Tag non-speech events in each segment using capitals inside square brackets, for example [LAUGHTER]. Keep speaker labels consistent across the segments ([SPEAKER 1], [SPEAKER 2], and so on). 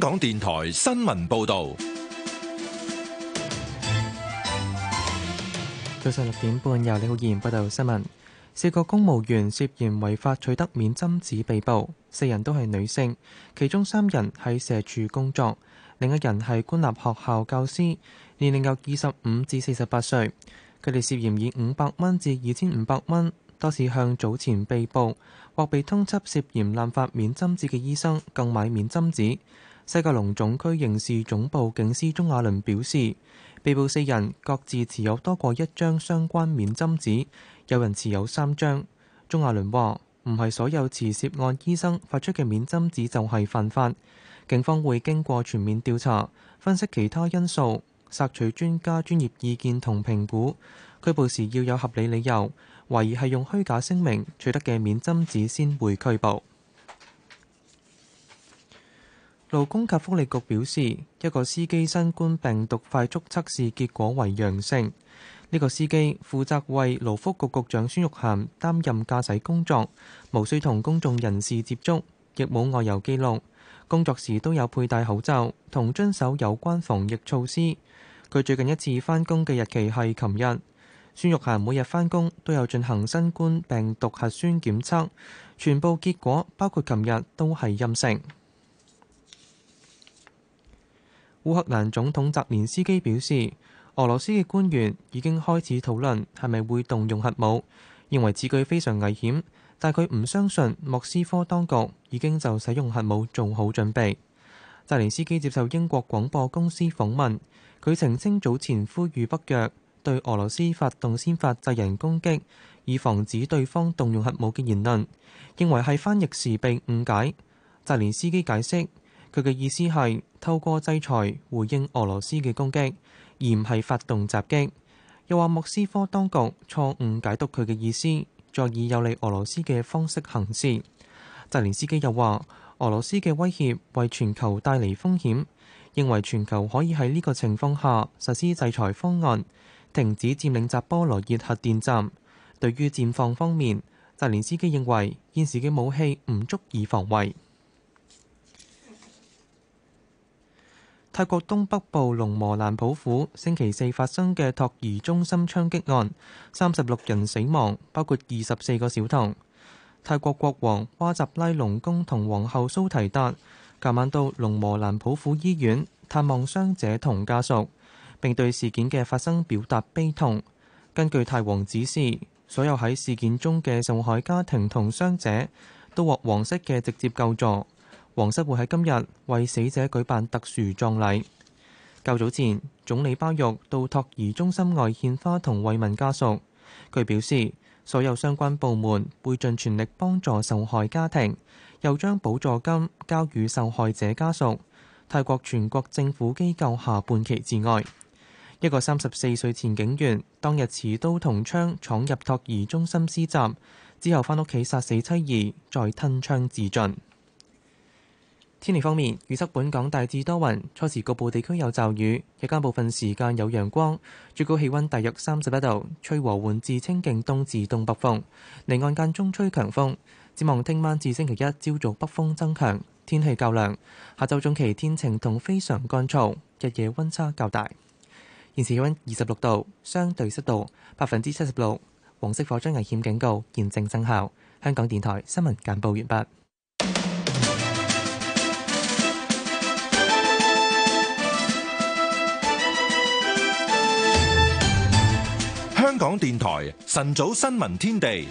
[SPEAKER 1] 港電台新聞報道：
[SPEAKER 2] 早上六點半，由李浩賢報道新聞。四個公務員涉嫌違法取得免針紙被捕，四人都係女性，其中三人喺社署工作，另一人係官立學校教師，年齡由二十五至四十八歲。佢哋涉嫌以五百蚊至二千五百蚊多次向早前被捕或被通緝涉嫌濫發免針紙嘅醫生，購買免針紙。西九龍總區刑事總部警司鐘亞倫表示，被捕四人各自持有多過一張相關免針紙，有人持有三張。鐘亞倫話：唔係所有持涉案醫生發出嘅免針紙就係犯法，警方會經過全面調查，分析其他因素，索取專家專業意見同評估，拘捕時要有合理理由，懷疑係用虛假聲明取得嘅免針紙先會拘捕。勞工及福利局表示，一個司機新冠病毒快速測試結果為陽性。呢、這個司機負責為勞福局局長孫玉菡擔任駕駛工作，無需同公眾人士接觸，亦冇外遊記錄。工作時都有佩戴口罩同遵守有關防疫措施。佢最近一次翻工嘅日期係琴日。孫玉菡每日翻工都有進行新冠病毒核酸檢測，全部結果包括琴日都係陰性。烏克蘭總統澤連斯基表示，俄羅斯嘅官員已經開始討論係咪會動用核武，認為此舉非常危險。但佢唔相信莫斯科當局已經就使用核武做好準備。澤連斯基接受英國廣播公司訪問，佢澄清早前呼籲北約對俄羅斯發動先發制人攻擊，以防止對方動用核武嘅言論，認為係翻譯時被誤解。澤連斯基解釋。佢嘅意思係透過制裁回應俄羅斯嘅攻擊，而唔係發動襲擊。又話莫斯科當局錯誤解讀佢嘅意思，再以有利俄羅斯嘅方式行事。澤連斯基又話，俄羅斯嘅威脅為全球帶嚟風險，認為全球可以喺呢個情況下實施制裁方案，停止佔領扎波羅熱核電站。對於戰況方面，澤連斯基認為現時嘅武器唔足以防衞。泰國東北部龍磨蘭普府星期四發生嘅托兒中心槍擊案，三十六人死亡，包括二十四個小童。泰國國王哇集拉隆功同皇后蘇提達，琴晚到龍磨蘭普府醫院探望傷者同家屬，並對事件嘅發生表達悲痛。根據泰皇指示，所有喺事件中嘅受害家庭同傷者都獲皇室嘅直接救助。皇室會喺今日為死者舉辦特殊葬禮。較早前，總理巴育到托兒中心外獻花同慰問家屬。佢表示，所有相關部門會盡全力幫助受害家庭，又將補助金交予受害者家屬。泰國全國政府機構下半旗致哀。一個三十四歲前警員當日持刀同槍闖入托兒中心施襲，之後翻屋企殺死妻兒，再吞槍自盡。天氣方面，預測本港大致多雲，初時局部地區有驟雨，日間部分時間有陽光，最高氣溫大約三十一度，吹和緩至清勁東至東北風，離岸間中吹強風。展望聽晚至星期一，朝早北風增強，天氣較涼。下周中期天晴同非常乾燥，日夜溫差較大。現時氣溫二十六度，相對濕度百分之七十六，黃色火災危險警告現正生效。香港電台新聞簡報完畢。
[SPEAKER 1] 港電台晨早新聞天地，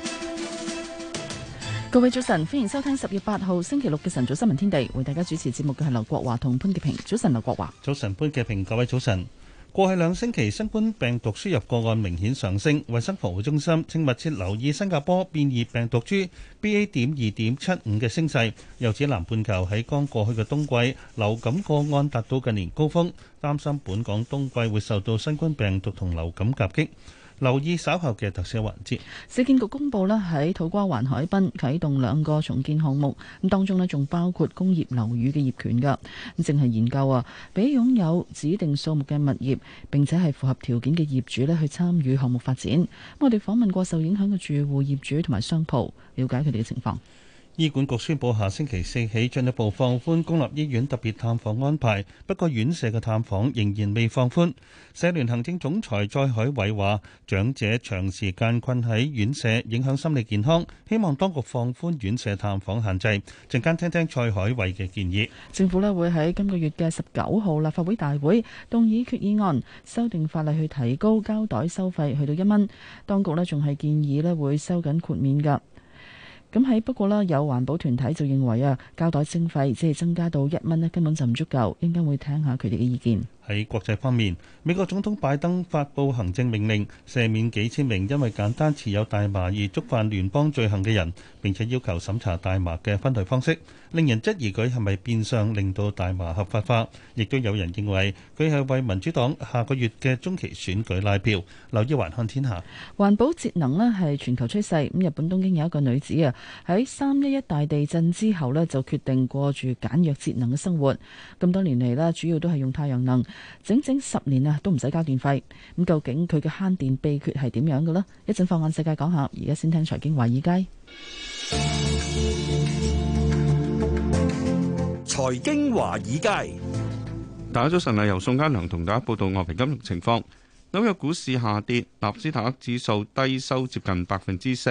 [SPEAKER 3] 各位早晨，歡迎收聽十月八號星期六嘅晨早新聞天地。為大家主持節目嘅係劉國華同潘潔平。早晨，劉國華，早晨，潘潔平。
[SPEAKER 4] 各位早晨。過去兩星期，新冠病毒輸入個案明顯上升，衛生防護中心請密切留意新加坡變異病毒株 BA 點二點七五嘅升勢。又指南半球喺剛過去嘅冬季流感個案達到近年高峰，擔心本港冬季會受到新冠病毒同流感夾擊。留意稍後嘅特色
[SPEAKER 3] 環節。市建局公布咧喺土瓜灣海濱啟動兩個重建項目，咁當中咧仲包括工業樓宇嘅業權噶，咁淨係研究啊，俾擁有指定數目嘅物業，並且係符合條件嘅業主咧去參與項目發展。咁我哋訪問過受影響嘅住戶業主同埋商鋪，了解佢哋嘅情況。
[SPEAKER 4] 醫管局宣布，下星期四起進一步放寬公立醫院特別探訪安排，不過院舍嘅探訪仍然未放寬。社聯行政總裁蔡海偉話：長者長時間困喺院舍，影響心理健康，希望當局放寬院舍探訪限制。陣間聽聽蔡海偉嘅建議。
[SPEAKER 3] 政府咧會喺今個月嘅十九號立法會大會動議決議案，修訂法例去提高膠袋收費去到一蚊。當局咧仲係建議咧會收緊豁免㗎。咁喺不過啦，有環保團體就認為啊，膠袋徵費只係增加到一蚊呢，根本就唔足夠，應該會聽下佢哋嘅意見。
[SPEAKER 4] 喺國際方面，美國總統拜登發布行政命令，赦免幾千名因為簡單持有大麻而觸犯聯邦罪行嘅人，並且要求審查大麻嘅分類方式，令人質疑佢係咪變相令到大麻合法化。亦都有人認為佢係為民主黨下個月嘅中期選舉拉票。留意環看天下，
[SPEAKER 3] 環保節能呢係全球趨勢。咁日本東京有一個女子啊，喺三一一大地震之後呢，就決定過住簡約節能嘅生活。咁多年嚟呢，主要都係用太陽能。整整十年啊，都唔使交電費。咁究竟佢嘅慳電秘訣係點樣嘅呢？一陣放眼世界講下，而家先聽財經華爾街。
[SPEAKER 1] 財經華爾
[SPEAKER 5] 街，大家早晨。由宋嘉良同大家報道外盤金融情況。紐約股市下跌，納斯達克指數低收接近百分之四。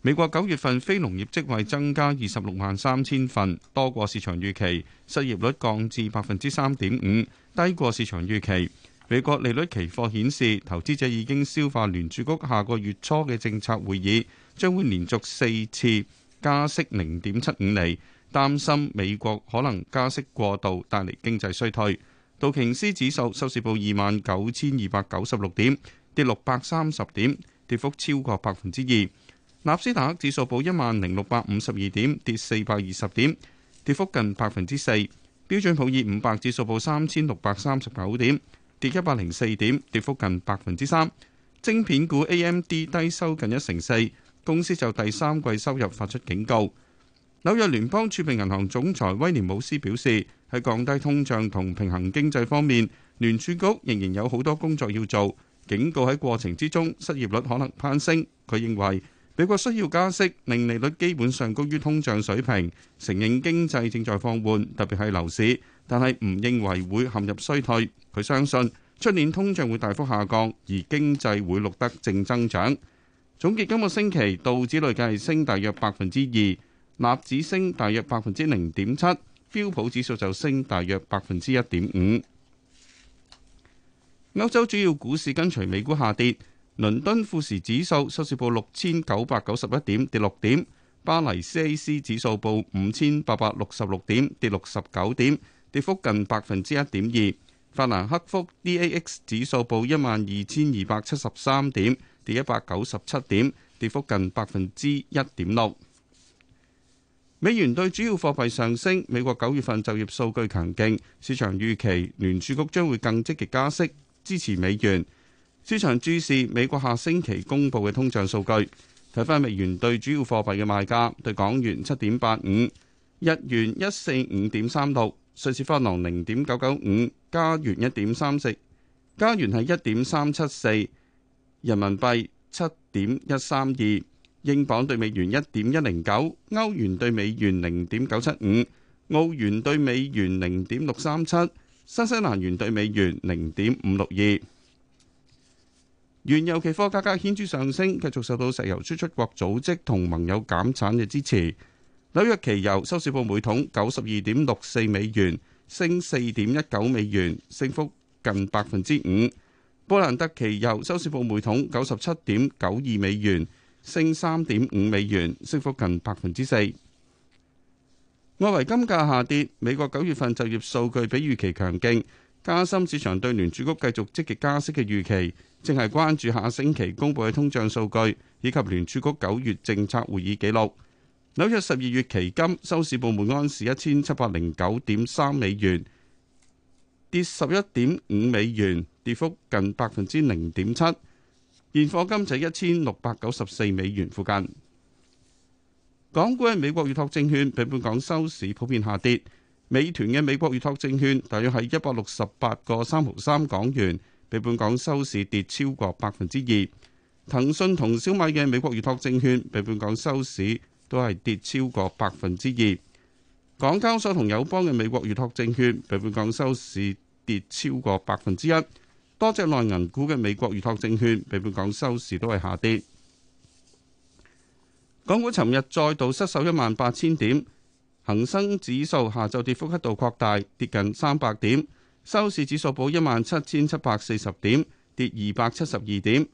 [SPEAKER 5] 美國九月份非農業職位增加二十六萬三千份，多過市場預期，失業率降至百分之三點五。低過市場預期。美國利率期貨顯示，投資者已經消化聯儲局下個月初嘅政策會議，將會連續四次加息零點七五厘，擔心美國可能加息過度，帶嚟經濟衰退。道瓊斯指數收市報二萬九千二百九十六點，跌六百三十點，跌幅超過百分之二。納斯達克指數報一萬零六百五十二點，跌四百二十點，跌幅近百分之四。標準普爾五百指數報三千六百三十九點，跌一百零四點，跌幅近百分之三。晶片股 AMD 低收近一成四，公司就第三季收入發出警告。紐約聯邦儲備銀行總裁威廉姆斯表示，喺降低通脹同平衡經濟方面，聯儲局仍然有好多工作要做，警告喺過程之中失業率可能攀升。佢認為，美國需要加息，令利率基本上高於通脹水平。承認經濟正在放緩，特別係樓市，但係唔認為會陷入衰退。佢相信出年通脹會大幅下降，而經濟會錄得正增長。總結今個星期，道指累計升大約百分之二，納指升大約百分之零點七，標普指數就升大約百分之一點五。歐洲主要股市跟隨美股下跌。倫敦富時指數收市報六千九百九十一點，跌六點；巴黎 CAC 指數報五千八百六十六點，跌六十九點，跌幅近百分之一點二。法蘭克福 DAX 指數報一萬二千二百七十三點，跌一百九十七點，跌幅近百分之一點六。美元對主要貨幣上升，美國九月份就業數據強勁，市場預期聯儲局將會更積極加息，支持美元。市場注視美國下星期公布嘅通脹數據。睇返美元對主要貨幣嘅賣價：對港元七點八五，日元一四五點三六，瑞士法郎零點九九五，加元一點三四，加元係一點三七四，人民幣七點一三二，英鎊對美元一點一零九，歐元對美元零點九七五，澳元對美元零點六三七，新西蘭元對美元零點五六二。原油期貨價格顯著上升，繼續受到石油輸出，出國組織同盟友減產嘅支持。紐約期油收市報每桶九十二點六四美元，升四點一九美元，升幅近百分之五。布蘭特期油收市報每桶九十七點九二美元，升三點五美元，升幅近百分之四。外圍金價下跌，美國九月份就業數據比預期強勁。加深市場對聯儲局繼續積極加息嘅預期，正係關注下星期公布嘅通脹數據以及聯儲局九月政策會議記錄。紐約十二月期金收市報每安士一千七百零九點三美元，跌十一點五美元，跌幅近百分之零點七。現貨金就一千六百九十四美元附近。港股喺美國預託證券，比本港收市普遍下跌。美團嘅美國預託證券大約係一百六十八個三毫三港元，比本港收市跌超過百分之二。騰訊同小米嘅美國預託證券比本港收市都係跌超過百分之二。港交所同友邦嘅美國預託證券比本港收市跌超過百分之一。多隻內銀股嘅美國預託證券比本港收市都係下跌。港股尋日再度失守一萬八千點。恒生指數下晝跌幅一度擴大，跌近三百點，收市指數報一萬七千七百四十點，跌二百七十二點，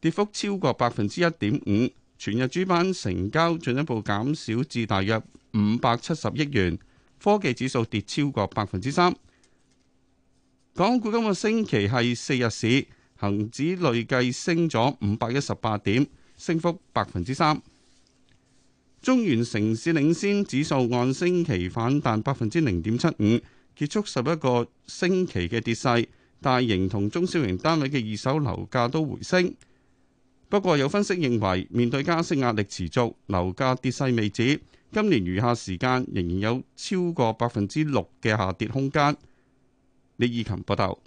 [SPEAKER 5] 跌幅超過百分之一點五。全日主板成交進一步減少至大約五百七十億元。科技指數跌超過百分之三。港股今個星期係四日市，恒指累計升咗五百一十八點，升幅百分之三。中原城市領先指數按星期反彈百分之零點七五，結束十一個星期嘅跌勢，大型同中小型單位嘅二手樓價都回升，不過有分析認為，面對加息壓力持續，樓價跌勢未止，今年餘下時間仍然有超過百分之六嘅下跌空間。李以琴報道。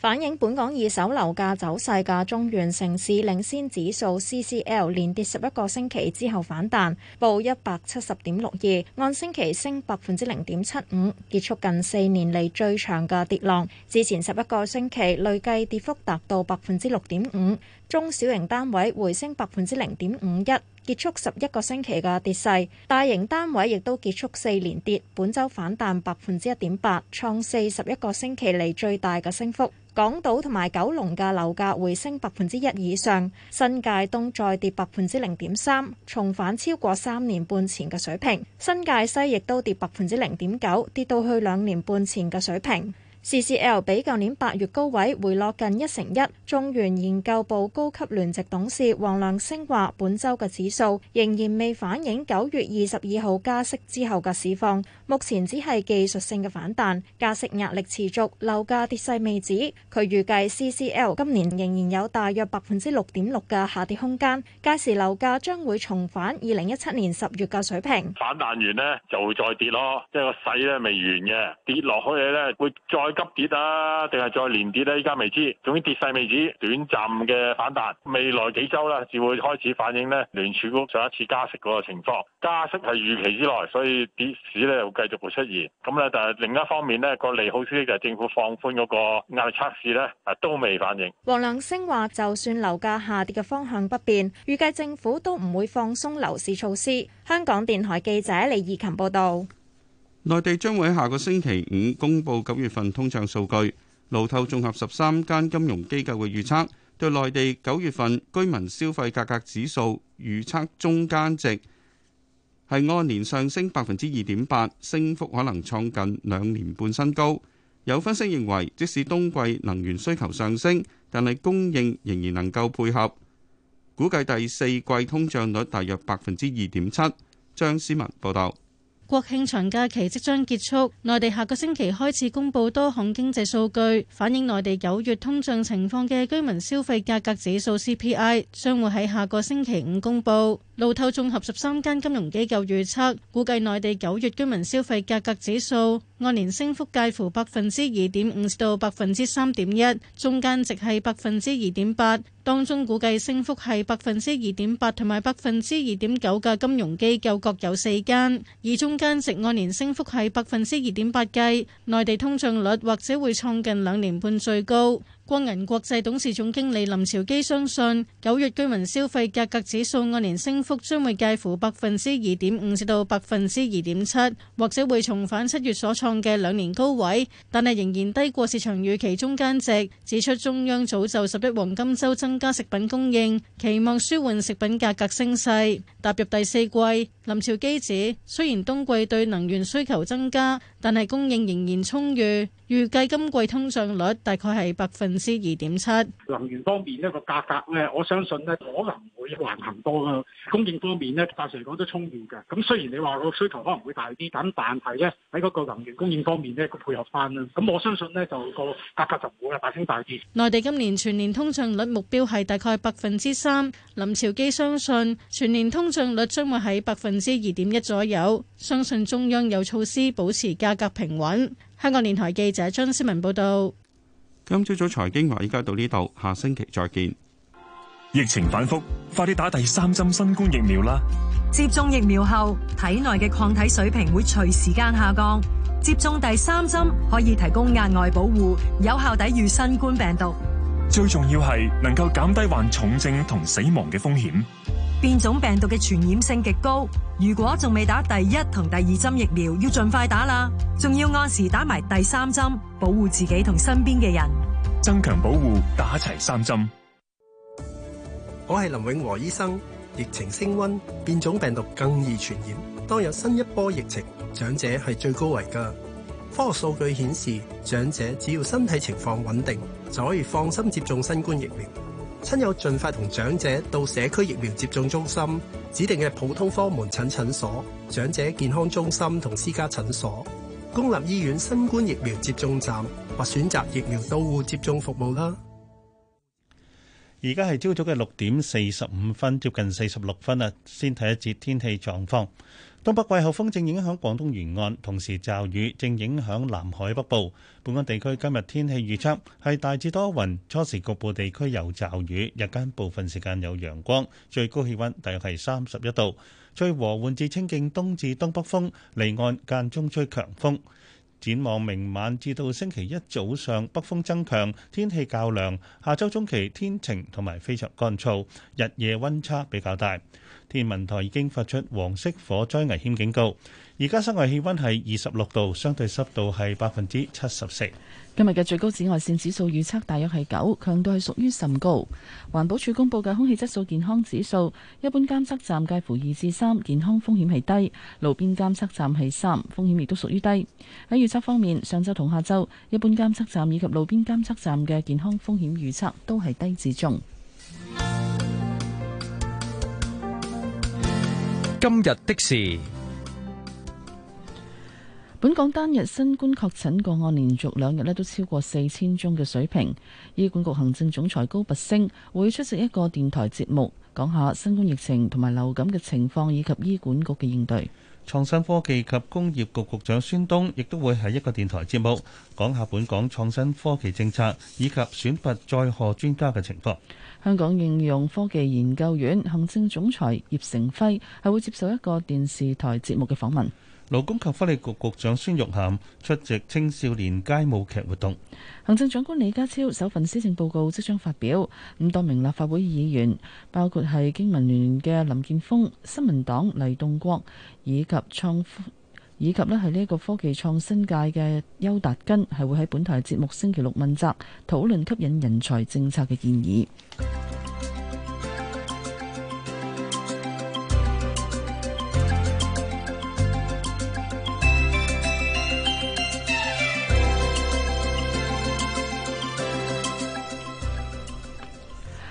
[SPEAKER 6] 反映本港二手樓價走勢嘅中原城市領先指數 CCL 連跌十一個星期之後反彈，報一百七十點六二，按星期升百分之零點七五，結束近四年嚟最長嘅跌浪。之前十一個星期累計跌幅達到百分之六點五。中小型單位回升百分之零點五一，結束十一個星期嘅跌勢；大型單位亦都結束四連跌，本週反彈百分之一點八，創四十一個星期嚟最大嘅升幅。港島同埋九龍嘅樓價回升百分之一以上，新界東再跌百分之零點三，重返超過三年半前嘅水平；新界西亦都跌百分之零點九，跌到去兩年半前嘅水平。CCL 比舊年八月高位回落近一成一，中原研究部高級聯席董事黃良昇話，本週嘅指數仍然未反映九月二十二號加息之後嘅市況。目前只係技術性嘅反彈，加息壓力持續，樓價跌勢未止。佢預計 CCL 今年仍然有大約百分之六點六嘅下跌空間，屆時樓價將會重返二零一七年十月嘅水平。
[SPEAKER 7] 反彈完呢就會再跌咯，即係個勢咧未完嘅，跌落去咧會再急跌啊，定係再連跌咧？依家未知，總之跌勢未止，短暫嘅反彈，未來幾週咧就會開始反映呢聯儲局上一次加息嗰個情況。加息係預期之內，所以跌市咧繼續會出現，咁咧，但係另一方面呢個利好消息就係政府放寬嗰個壓力測試咧，都未反應。
[SPEAKER 6] 黃良星話：就算樓價下跌嘅方向不變，預計政府都唔會放鬆樓市措施。香港電台記者李義勤報道，
[SPEAKER 5] 內地將會喺下個星期五公布九月份通脹數據。路透綜合十三間金融機構嘅預測，對內地九月份居民消費價格指數預測中間值。係按年上升百分之二點八，升幅可能創近兩年半新高。有分析認為，即使冬季能源需求上升，但係供應仍然能夠配合，估計第四季通脹率大約百分之二點七。張思文報導。
[SPEAKER 8] 國慶長假期即將結束，內地下個星期開始公布多項經濟數據，反映內地九月通脹情況嘅居民消費價格指數 CPI 將會喺下個星期五公布。路透綜合十三間金融機構預測，估計內地九月居民消費價格指數按年升幅介乎百分之二點五至到百分之三點一，中間值係百分之二點八。當中估計升幅係百分之二點八同埋百分之二點九嘅金融機構各有四間，而中間值按年升幅係百分之二點八計，內地通脹率或者會創近兩年半最高。光銀國際董事總經理林潮基相信，九月居民消費價格指數按年升幅將會介乎百分之二點五至到百分之二點七，或者會重返七月所創嘅兩年高位，但係仍然低過市場預期中間值。指出中央早就十一黃金周增加食品供應，期望舒緩食品價格升勢。踏入第四季，林潮基指雖然冬季對能源需求增加。但係供應仍然充裕，預計今季通脹率大概係百分之二點七。
[SPEAKER 9] 能源方面呢個價格呢，我相信呢可能會橫行多啦。供應方面呢，暫時嚟講都充裕嘅。咁雖然你話個需求可能會大啲咁，但係呢，喺嗰個能源供應方面呢，佢配合翻啦。咁我相信呢，就個價格就唔會啊大
[SPEAKER 8] 升大跌。內地今年全年通脹率目標係大概百分之三。林朝基相信全年通脹率將會喺百分之二點一左右。相信中央有措施保持價格平穩。香港電台記者張思文報道。今
[SPEAKER 5] 朝早財經我而家到呢度，下星期再見。疫情反復，快啲打第
[SPEAKER 7] 三針新冠疫苗啦！
[SPEAKER 10] 接種疫苗後，體內嘅抗體水平會隨時間下降。接種第三針可以提供額外保護，有效抵禦新冠病毒。
[SPEAKER 7] 最重要係能夠減低患重症同死亡嘅風險。
[SPEAKER 10] 變種病毒嘅傳染性極高，如果仲未打第一同第二針疫苗，要盡快打啦，仲要按時打埋第三針，保護自己同身邊嘅人，
[SPEAKER 11] 增強保護，打齊三針。我係林永和醫生，疫情升溫，變種病毒更易傳染，當有新一波疫情，長者係最高危㗎。科學數據顯示，長者只要身體情況穩定，就可以放心接種新冠疫苗。親友盡快同長者到社區疫苗接種中心、指定嘅普通科門診診所、長者健康中心同私家診所、公立醫院新冠疫苗接種站或選擇疫苗到戶接
[SPEAKER 4] 種服務啦。而家係朝早嘅六點四十五分，接近四十六分啦。先睇一節天氣狀況。東北季候風正影響廣東沿岸，同時驟雨正影響南海北部。本港地區今日天氣預測係大致多雲，初時局部地區有驟雨，日間部分時間有陽光，最高氣溫大約係三十一度，吹和緩至清勁東至東北風，離岸間中吹強風。展望明晚至到星期一早上，北風增強，天氣較涼。下周中期天晴同埋非常乾燥，日夜溫差比較大。天文台已經發出黃色火災危險警告。而家室外氣温係二十六度，相對濕度係百分之七十四。
[SPEAKER 3] 今日嘅最高紫外線指數預測大約係九，強度係屬於甚高。環保署公布嘅空氣質素健康指數，一般監測站介乎二至三，健康風險係低；路邊監測站係三，風險亦都屬於低。喺預測方面，上週同下週，一般監測站以及路邊監測站嘅健康風險預測都係低至中。
[SPEAKER 12] 今日的事，
[SPEAKER 3] 本港單日新冠確診個案連續兩日呢都超過四千宗嘅水平。醫管局行政總裁高拔升會出席一個電台節目，講下新冠疫情同埋流感嘅情況以及醫管局嘅應對。
[SPEAKER 4] 創新科技及工業局局，局長孫東亦都會喺一個電台節目講下本港創新科技政策以及選拔載荷專家嘅情況。
[SPEAKER 3] 香港應用科技研究院行政總裁葉成輝係會接受一個電視台節目嘅訪問。
[SPEAKER 4] 勞工及福利局局長孫玉菡出席青少年街舞劇活動。
[SPEAKER 3] 行政長官李家超首份施政報告即將發表。咁多名立法會議員，包括係經民聯嘅林建峰、新民黨黎棟國以及創以及呢，係呢一個科技創新界嘅邱達根係會喺本台節目星期六問責討論吸引人才政策嘅建議。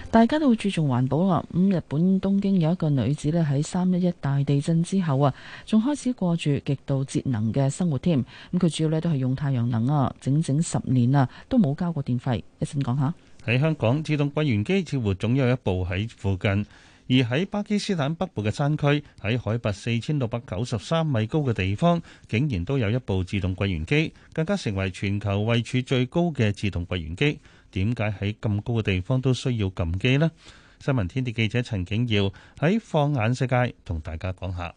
[SPEAKER 3] 大家都會注重環保啦。咁日本東京有一個女子呢喺三一一大地震之後啊，仲開始過住極度節能嘅生活添。咁佢主要呢都係用太陽能啊，整整十年啊都冇交過電費。一陣講下。
[SPEAKER 4] 喺香港，自動櫃員機似乎總有一部喺附近。而喺巴基斯坦北部嘅山區，喺海拔四千六百九十三米高嘅地方，竟然都有一部自動櫃員機，更加成為全球位處最高嘅自動櫃員機。點解喺咁高嘅地方都需要撳機呢？新聞天地記者陳景耀喺放眼世界同大家講下。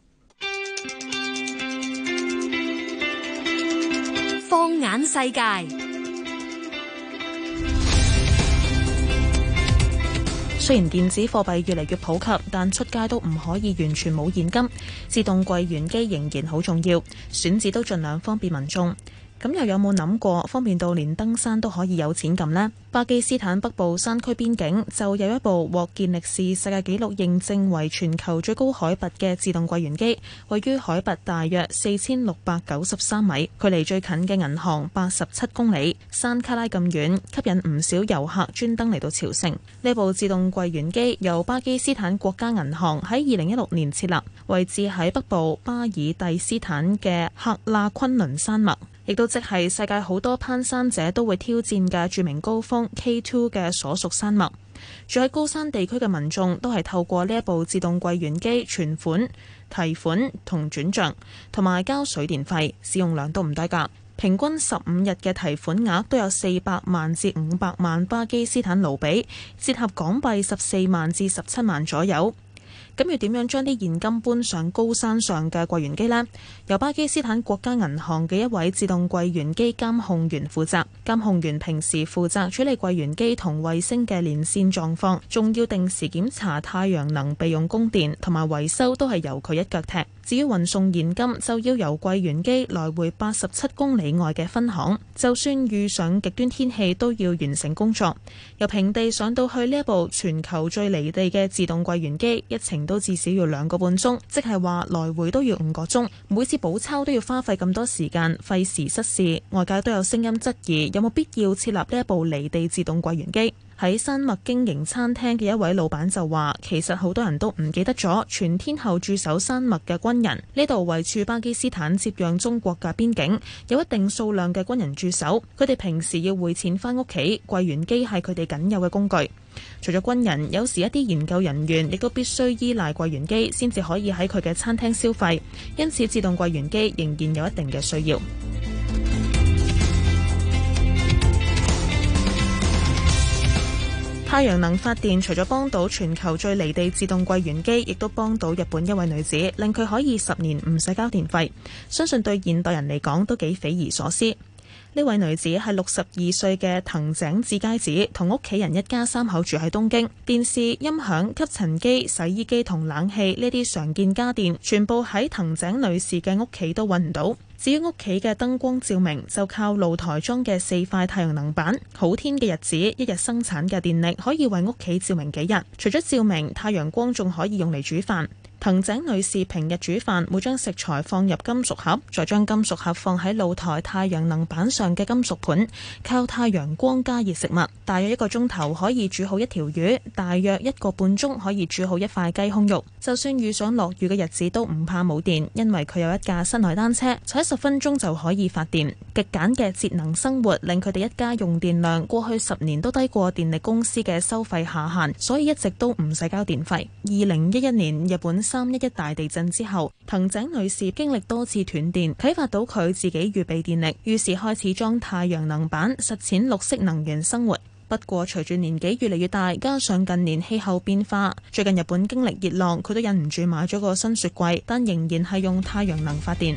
[SPEAKER 6] 放眼世界，
[SPEAKER 13] 世界雖然電子貨幣越嚟越普及，但出街都唔可以完全冇現金。自動櫃員機仍然好重要，選址都盡量方便民眾。咁又有冇諗過方便到連登山都可以有錢咁呢？巴基斯坦北部山區邊境就有一部獲健力士世界紀錄認證為全球最高海拔嘅自動櫃員機，位於海拔大約四千六百九十三米，距離最近嘅銀行八十七公里。山卡拉咁遠，吸引唔少遊客專登嚟到朝聖。呢部自動櫃員機由巴基斯坦國家銀行喺二零一六年設立，位置喺北部巴爾蒂斯坦嘅喀喇昆侖山脈。亦都即係世界好多攀山者都會挑戰嘅著名高峰 K2 嘅所屬山脈。住喺高山地區嘅民眾都係透過呢一部自動櫃員機存款、提款同轉賬，同埋交水電費，使用量都唔低㗎。平均十五日嘅提款額都有四百萬至五百萬巴基斯坦盧比，折合港幣十四萬至十七萬左右。咁要點樣將啲現金搬上高山上嘅櫃員機呢？由巴基斯坦國家銀行嘅一位自動櫃員機監控員負責。監控員平時負責處理櫃員機同衛星嘅連線狀況，仲要定時檢查太陽能備用供電同埋維修，都係由佢一腳踢。至於運送現金，就要由櫃員機來回八十七公里外嘅分行，就算遇上極端天氣，都要完成工作。由平地上到去呢一部全球最離地嘅自動櫃員機，一程都至少要兩個半鐘，即係話來回都要五個鐘。每次補鈔都要花費咁多時間，費時失事，外界都有聲音質疑有冇必要設立呢一部離地自動櫃員機。喺山脈經營餐廳嘅一位老闆就話，其實好多人都唔記得咗，全天候駐守山脈嘅軍人，呢度位處巴基斯坦接壤中國嘅邊境，有一定數量嘅軍人駐守。佢哋平時要匯錢翻屋企，櫃員機係佢哋僅有嘅工具。除咗軍人，有時一啲研究人員亦都必須依賴櫃員機先至可以喺佢嘅餐廳消費。因此，自動櫃員機仍然有一定嘅需要。太陽能發電除咗幫到全球最離地自動櫃員機，亦都幫到日本一位女子，令佢可以十年唔使交電費。相信對現代人嚟講都幾匪夷所思。呢位女子係六十二歲嘅藤井智佳子，同屋企人一家三口住喺東京。電視、音響、吸塵機、洗衣機同冷氣呢啲常見家電，全部喺藤井女士嘅屋企都揾唔到。至於屋企嘅燈光照明，就靠露台裝嘅四塊太陽能板。好天嘅日子，一日生產嘅電力可以為屋企照明幾日。除咗照明，太陽光仲可以用嚟煮飯。藤井女士平日煮飯，會將食材放入金屬盒，再將金屬盒放喺露台太陽能板上嘅金屬盤，靠太陽光加熱食物。大約一個鐘頭可以煮好一條魚，大約一個半鐘可以煮好一塊雞胸肉。就算遇上落雨嘅日子都唔怕冇電，因為佢有一架室內單車，踩十分鐘就可以發電。極簡嘅節能生活令佢哋一家用電量過去十年都低過電力公司嘅收費下限，所以一直都唔使交電費。二零一一年日本三一一大地震之後，藤井女士經歷多次斷電，啟發到佢自己預備電力，於是開始裝太陽能板，實踐綠色能源生活。不過，隨住年紀越嚟越大，加上近年氣候變化，最近日本經歷熱浪，佢都忍唔住買咗個新雪櫃，但仍然係用太陽能發電。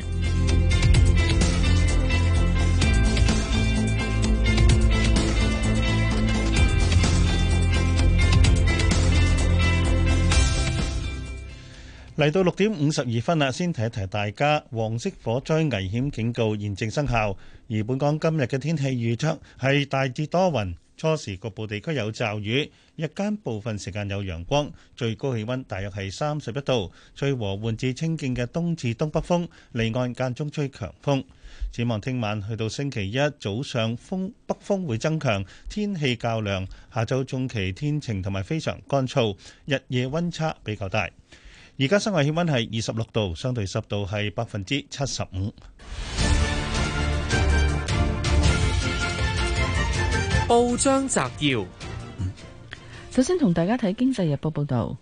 [SPEAKER 4] 嚟到六點五十二分啦，先提一提大家黃色火災危險警告現正生效。而本港今日嘅天氣預測係大致多雲，初時局部地區有驟雨，日間部分時間有陽光，最高氣温大約係三十一度。吹和緩至清勁嘅東至東北風，離岸間中吹強風。展望聽晚去到星期一早上風，風北風會增強，天氣較涼。下晝中期天晴同埋非常乾燥，日夜温差比較大。而家室外氣溫係二十六度，相對濕度係百分之七十五。
[SPEAKER 14] 報章摘要，
[SPEAKER 3] 首先同大家睇《經濟日報》報道，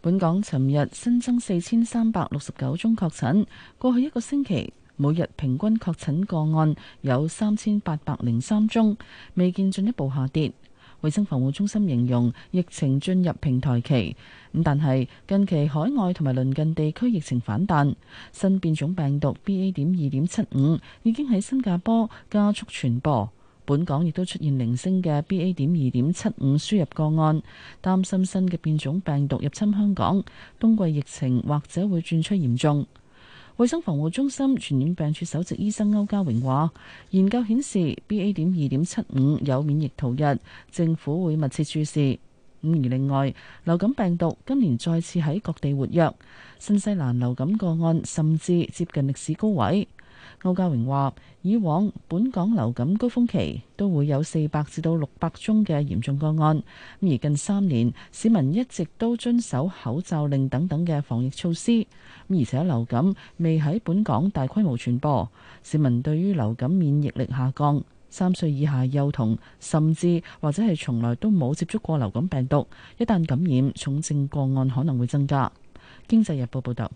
[SPEAKER 3] 本港尋日新增四千三百六十九宗確診，過去一個星期每日平均確診個案有三千八百零三宗，未見進一步下跌。衛生防護中心形容疫情進入平台期，咁但係近期海外同埋鄰近地區疫情反彈，新變種病毒 BA 點二點七五已經喺新加坡加速傳播，本港亦都出現零星嘅 BA 點二點七五輸入個案，擔心新嘅變種病毒入侵香港，冬季疫情或者會轉趨嚴重。衛生防護中心傳染病處首席醫生歐家榮話，研究顯示 BA 點二點七五有免疫逃逸，政府會密切注視。咁而另外，流感病毒今年再次喺各地活躍，新西蘭流感個案甚至接近歷史高位。歐家榮話：以往本港流感高峰期都會有四百至到六百宗嘅嚴重個案，咁而近三年市民一直都遵守口罩令等等嘅防疫措施，而且流感未喺本港大規模傳播，市民對於流感免疫力下降，三歲以下幼童甚至或者係從來都冇接觸過流感病毒，一旦感染，重症個案可能會增加。經濟日報報道。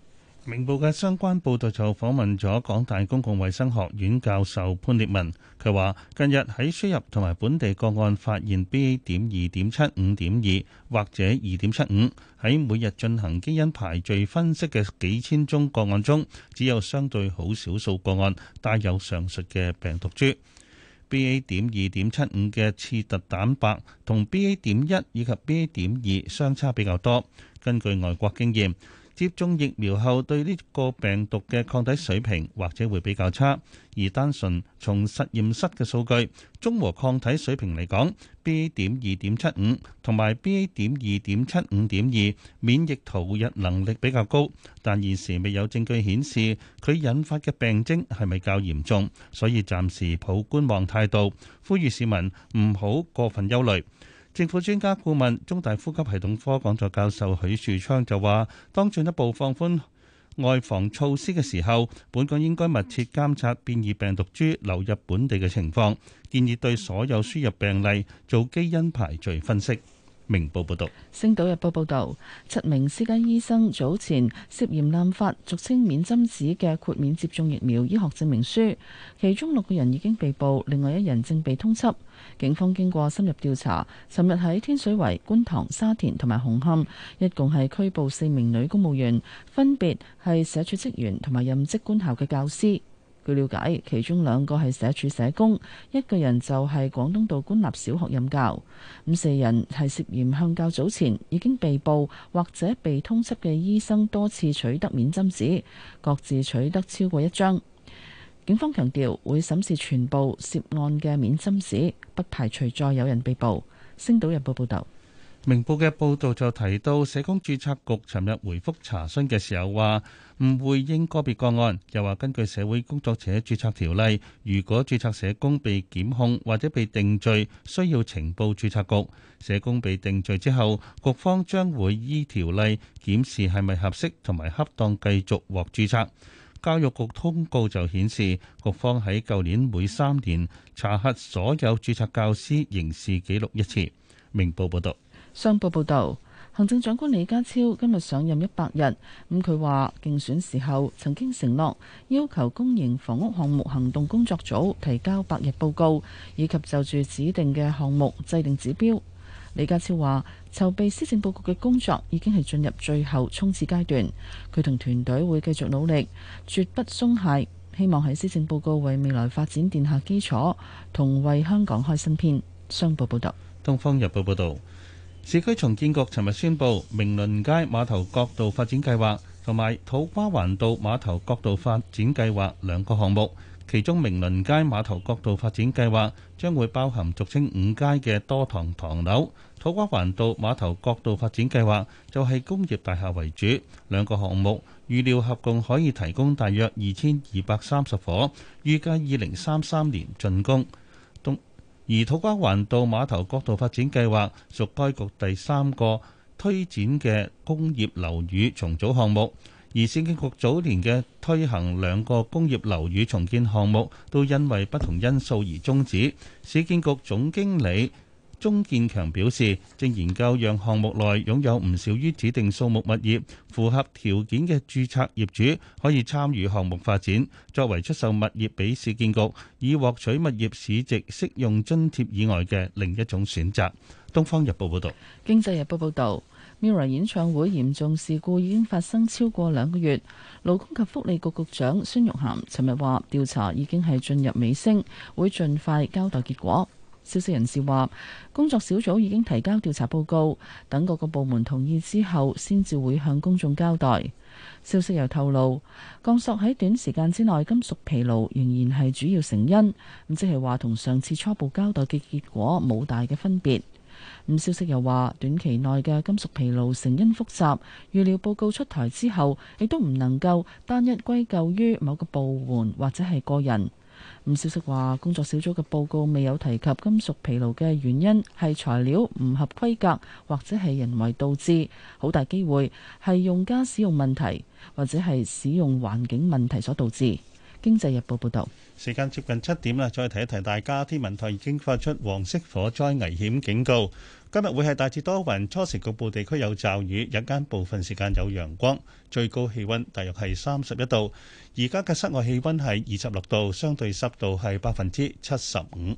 [SPEAKER 4] 明報嘅相關報導就訪問咗港大公共衛生學院教授潘烈文，佢話：近日喺輸入同埋本地個案發現 B A 點二點七五點二或者二點七五，喺每日進行基因排序分析嘅幾千宗個案中，只有相對好少數個案帶有上述嘅病毒株。B A 點二點七五嘅刺突蛋白同 B A 點一以及 B A 點二相差比較多，根據外國經驗，接種疫苗後對呢個病毒嘅抗體水平或者會比較差，而單純從實驗室嘅數據中和抗體水平嚟講，BA 點二點七五同埋 BA 點二點七五點二免疫逃逸能力比較高，但現時未有證據顯示佢引發嘅病徵係咪較嚴重，所以暫時抱觀望態度，呼籲市民唔好過分憂慮。政府專家顧問、中大呼吸系統科講座教授許樹昌就話，當進一步放寬外防措施嘅時候，本港應該密切監察變異病毒株流入本地嘅情況，建議對所有輸入病例做基因排序分析。明報報道，
[SPEAKER 3] 星島日報報道，七名私家醫生早前涉嫌濫發俗稱免針紙嘅豁免接種疫苗醫學證明書，其中六個人已經被捕，另外一人正被通緝。警方經過深入調查，尋日喺天水圍、觀塘、沙田同埋紅磡，一共係拘捕四名女公務員，分別係社署職員同埋任職官校嘅教師。據了解，其中兩個係社署社工，一個人就係廣東道官立小學任教。五四人係涉嫌向較早前已經被捕或者被通緝嘅醫生多次取得免針紙，各自取得超過一張。警方強調會審視全部涉案嘅免針紙，不排除再有人被捕。星島日報報道，
[SPEAKER 4] 明報嘅報道就提到社工注冊局尋日回覆查詢嘅時候話。唔回應個別個案，又話根據社會工作者註冊條例，如果註冊社工被檢控或者被定罪，需要呈報註冊局。社工被定罪之後，局方將會依條例檢視係咪合適同埋恰當繼續獲註冊。教育局通告就顯示，局方喺舊年每三年查核所有註冊教師刑事記錄一次。明報報道。
[SPEAKER 3] 商報報導。行政長官李家超今日上任一百日，咁佢話競選時候曾經承諾要求公營房屋項目行動工作組提交百日報告，以及就住指定嘅項目制定指標。李家超話籌備施政報告嘅工作已經係進入最後衝刺階段，佢同團隊會繼續努力，絕不鬆懈，希望喺施政報告為未來發展奠下基礎，同為香港開新篇。商報報道，
[SPEAKER 4] 東方日報報道。市區重建局尋日宣布明倫街馬頭角道發展計劃同埋土瓜灣道馬頭角道發展計劃兩個項目，其中明倫街馬頭角道發展計劃將會包含俗稱五街嘅多幢唐，唐樓，土瓜灣道馬頭角道發展計劃就係工業大廈為主。兩個項目預料合共可以提供大約二千二百三十伙，預計二零三三年竣工。而土瓜灣道馬頭角道發展計劃屬該局第三個推展嘅工業樓宇重組項目，而市建局早年嘅推行兩個工業樓宇重建項目都因為不同因素而終止。市建局總經理，鍾建強表示，正研究讓項目內擁有唔少於指定數目物業、符合條件嘅註冊業主可以參與項目發展，作為出售物業俾市建局以獲取物業市值適用津貼以外嘅另一種選擇。
[SPEAKER 3] 東方日報報道，經濟日報報道，Mirror 演唱會嚴重事故已經發生超過兩個月，勞工及福利局局，局長孫玉菡尋日話，調查已經係進入尾聲，會盡快交代結果。消息人士話，工作小組已經提交調查報告，等各個部門同意之後，先至會向公眾交代。消息又透露，鋼索喺短時間之內，金屬疲勞仍然係主要成因，咁即係話同上次初步交代嘅結果冇大嘅分別。咁消息又話，短期內嘅金屬疲勞成因複雜，預料報告出台之後，亦都唔能夠單一歸咎於某個部門或者係個人。唔，消息話，工作小組嘅報告未有提及金屬疲勞嘅原因，係材料唔合規格，或者係人為導致，好大機會係用家使用問題，或者係使用環境問題所導致。經濟日報報道。
[SPEAKER 4] 時間接近七點啦，再提一提大家，天文台已經發出黃色火災危險警告。今日會係大致多雲，初時局部地區有驟雨，日間部分時間有陽光，最高氣溫大約係三十一度。而家嘅室外氣溫係二十六度，相對濕度係百分之七十五。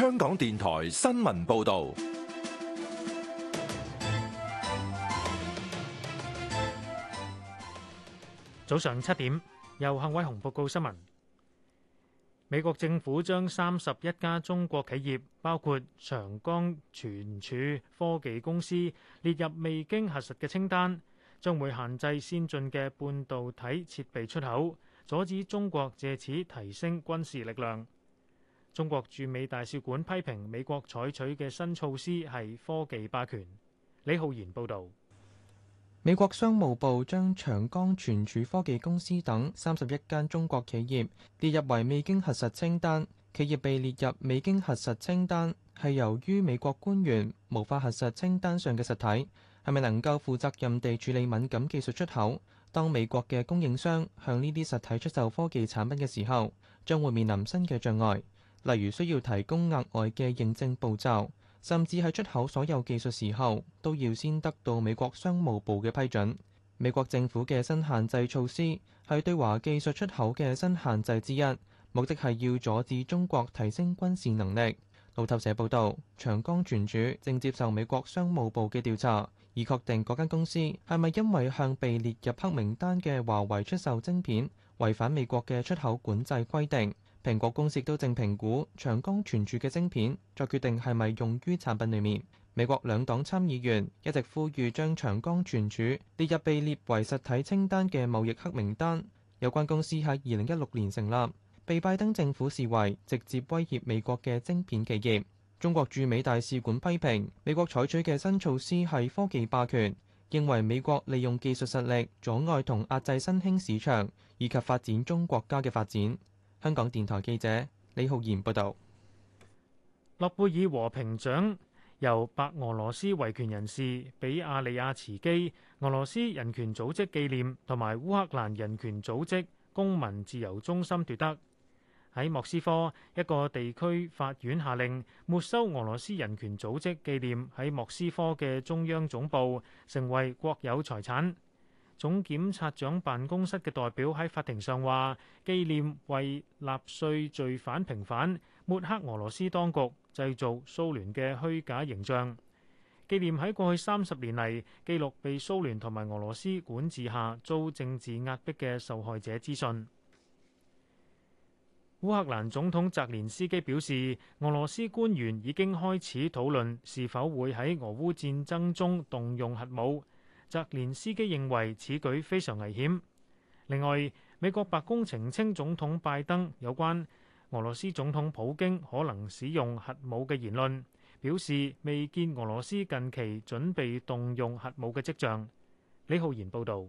[SPEAKER 1] 香港電台新聞報道，
[SPEAKER 7] 早上七點，由幸偉雄報告新聞。美國政府將三十一家中國企業，包括長江存儲科技公司，列入未經核實嘅清單，將會限制先進嘅半導體設備出口，阻止中國借此提升軍事力量。中國駐美大使館批評美國採取嘅新措施係科技霸權。李浩然報道，
[SPEAKER 2] 美國商務部將長江存儲科技公司等三十一間中國企業列入為未經核實清單。企業被列入未經核實清單，係由於美國官員無法核實清單上嘅實體，係咪能夠負責任地處理敏感技術出口。當美國嘅供應商向呢啲實體出售科技產品嘅時候，將會面臨新嘅障礙。例如需要提供額外嘅認證步驟，甚至喺出口所有技術時候都要先得到美國商務部嘅批准。美國政府嘅新限制措施係對華技術出口嘅新限制之一，目的係要阻止中國提升軍事能力。路透社報道，長江船主正接受美國商務部嘅調查，以確定嗰間公司係咪因為向被列入黑名單嘅華為出售晶片，違反美國嘅出口管制規定。蘋果公司亦都正評估長江存儲嘅晶片，再決定係咪用於產品裏面。美國兩黨參議員一直呼籲將長江存儲列入被列為實體清單嘅貿易黑名單。有關公司喺二零一六年成立，被拜登政府視為直接威脅美國嘅晶片企業。中國駐美大使館批評美國採取嘅新措施係科技霸權，認為美國利用技術實力阻礙同壓制新興市場，以及發展中國家嘅發展。香港電台記者李浩然報道：
[SPEAKER 7] 諾貝爾和平獎由白俄羅斯維權人士比亞利亞茨基、俄羅斯人權組織紀念同埋烏克蘭人權組織公民自由中心奪得。喺莫斯科，一個地區法院下令沒收俄羅斯人權組織紀念喺莫斯科嘅中央總部，成為國有財產。總檢察長辦公室嘅代表喺法庭上話：紀念為納粹罪犯平反，抹黑俄羅斯當局，製造蘇聯嘅虛假形象。紀念喺過去三十年嚟記錄被蘇聯同埋俄羅斯管治下遭政治壓迫嘅受害者資訊。烏克蘭總統澤連斯基表示，俄羅斯官員已經開始討論是否會喺俄烏戰爭中動用核武。澤連斯基認為此舉非常危險。另外，美國白宮澄清總統拜登有關俄羅斯總統普京可能使用核武嘅言論，表示未見俄羅斯近期準備動用核武嘅跡象。李浩然報道，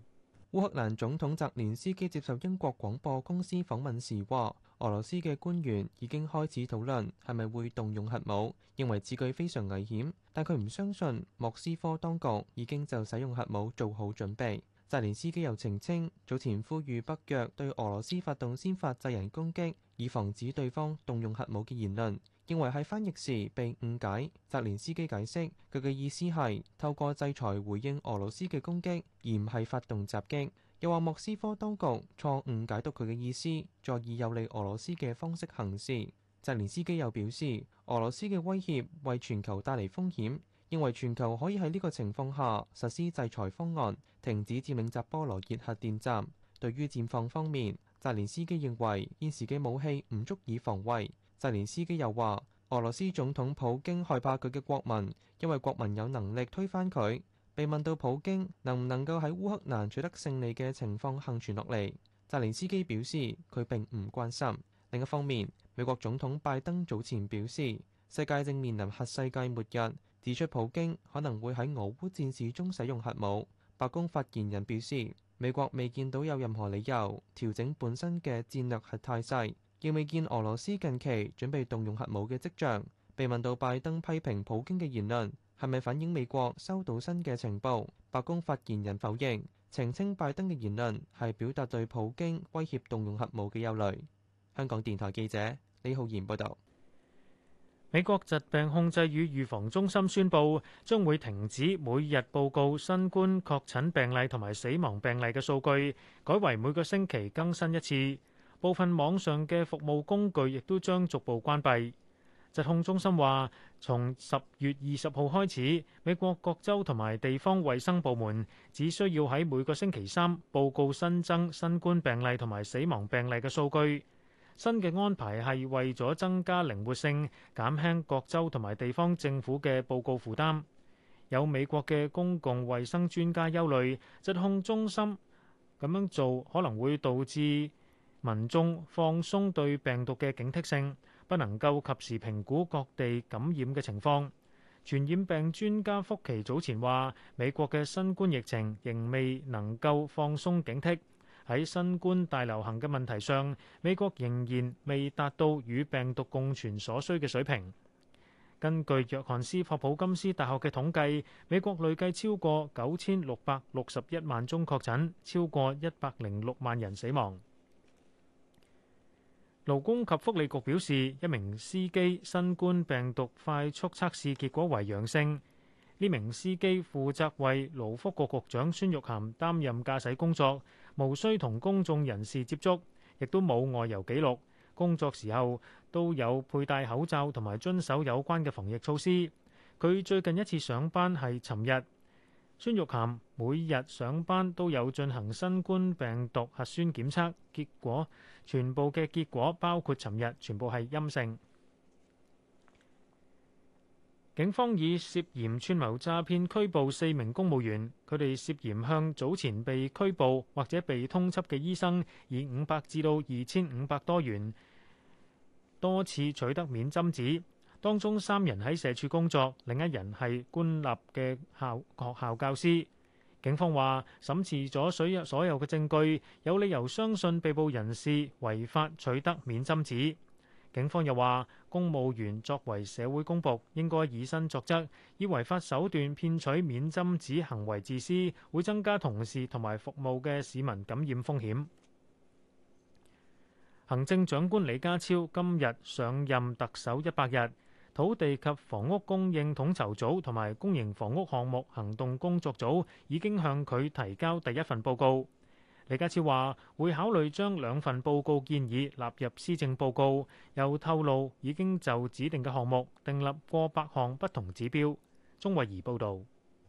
[SPEAKER 7] 烏克蘭總統澤連斯基接受英國廣播公
[SPEAKER 2] 司訪問時話。俄羅斯嘅官員已經開始討論係咪會動用核武，認為此舉非常危險，但佢唔相信莫斯科當局已經就使用核武做好準備。澤連斯基又澄清，早前呼籲北約對俄羅斯發動先發制人攻擊，以防止對方動用核武嘅言論。認為係翻譯時被誤解，澤連斯基解釋佢嘅意思係透過制裁回應俄羅斯嘅攻擊，而唔係發動襲擊。又話莫斯科當局錯誤解讀佢嘅意思，再以有利俄羅斯嘅方式行事。澤連斯基又表示，俄羅斯嘅威脅為全球帶嚟風險，認為全球可以喺呢個情況下實施制裁方案，停止佔領扎波羅熱核電站。對於戰況方面，澤連斯基認為現時嘅武器唔足以防衛。澤連斯基又話俄羅斯總統普京害怕佢嘅國民，因為國民有能力推翻佢。被問到普京能唔能夠喺烏克蘭取得勝利嘅情況幸存落嚟，澤連斯基表示佢並唔關心。另一方面，美國總統拜登早前表示，世界正面臨核世界末日，指出普京可能會喺俄烏戰事中使用核武。白宮發言人表示，美國未見到有任何理由調整本身嘅戰略核態勢。亦未見俄羅斯近期準備動用核武嘅跡象。被問到拜登批評普京嘅言論係咪反映美國收到新嘅情報，白宮發言人否認，澄清拜登嘅言論係表達對普京威脅動用核武
[SPEAKER 7] 嘅憂慮。香港電台記者李浩然報導。美國疾病控制與預防中心宣布，將會停止每日報告新冠確診病例同埋死亡病例嘅數據，改為每個星期更新一次。部分網上嘅服務工具亦都將逐步關閉。疾控中心話，從十月二十號開始，美國各州同埋地方衛生部門只需要喺每個星期三報告新增新冠病例同埋死亡病例嘅數據。新嘅安排係為咗增加靈活性，減輕各州同埋地方政府嘅報告負擔。有美國嘅公共衛生專家憂慮，疾控中心咁樣做可能會導致民眾放鬆對病毒嘅警惕性，不能夠及時評估各地感染嘅情況。傳染病專家福奇早前話，美國嘅新冠疫情仍未能夠放鬆警惕。喺新冠大流行嘅問題上，美國仍然未達到與病毒共存所需嘅水平。根據約翰斯霍普金斯大學嘅統計，美國累計超過九千六百六十一萬宗確診，超過一百零六萬人死亡。勞工及福利局表示，一名司機新冠病毒快速測試結果為陽性。呢名司機負責為勞福局局長孫玉菡擔任駕駛工作，無需同公眾人士接觸，亦都冇外遊記錄。工作時候都有佩戴口罩同埋遵守有關嘅防疫措施。佢最近一次上班係尋日。孫玉菡每日上班都有進行新冠病毒核酸檢測，結果全部嘅結果包括尋日全部係陰性。警方以涉嫌串謀詐騙拘捕四名公務員，佢哋涉嫌向早前被拘捕或者被通緝嘅醫生，以五百至到二千五百多元多次取得免針紙。當中三人喺社署工作，另一人係官立嘅校學校教師。警方話審視咗所有所有嘅證據，有理由相信被捕人士違法取得免針紙。警方又話，公務員作為社會公僕，應該以身作則，以違法手段騙取免針紙行為自私，會增加同事同埋服務嘅市民感染風險。行政長官李家超今日上任特首一百日。土地及房屋供應統籌組同埋公營房屋項目行動工作組已經向佢提交第一份報告。李家超話會考慮將兩份報告建議納入施政報告，又透露已經就指定嘅項目訂立過百項不同指標。鍾慧儀報導。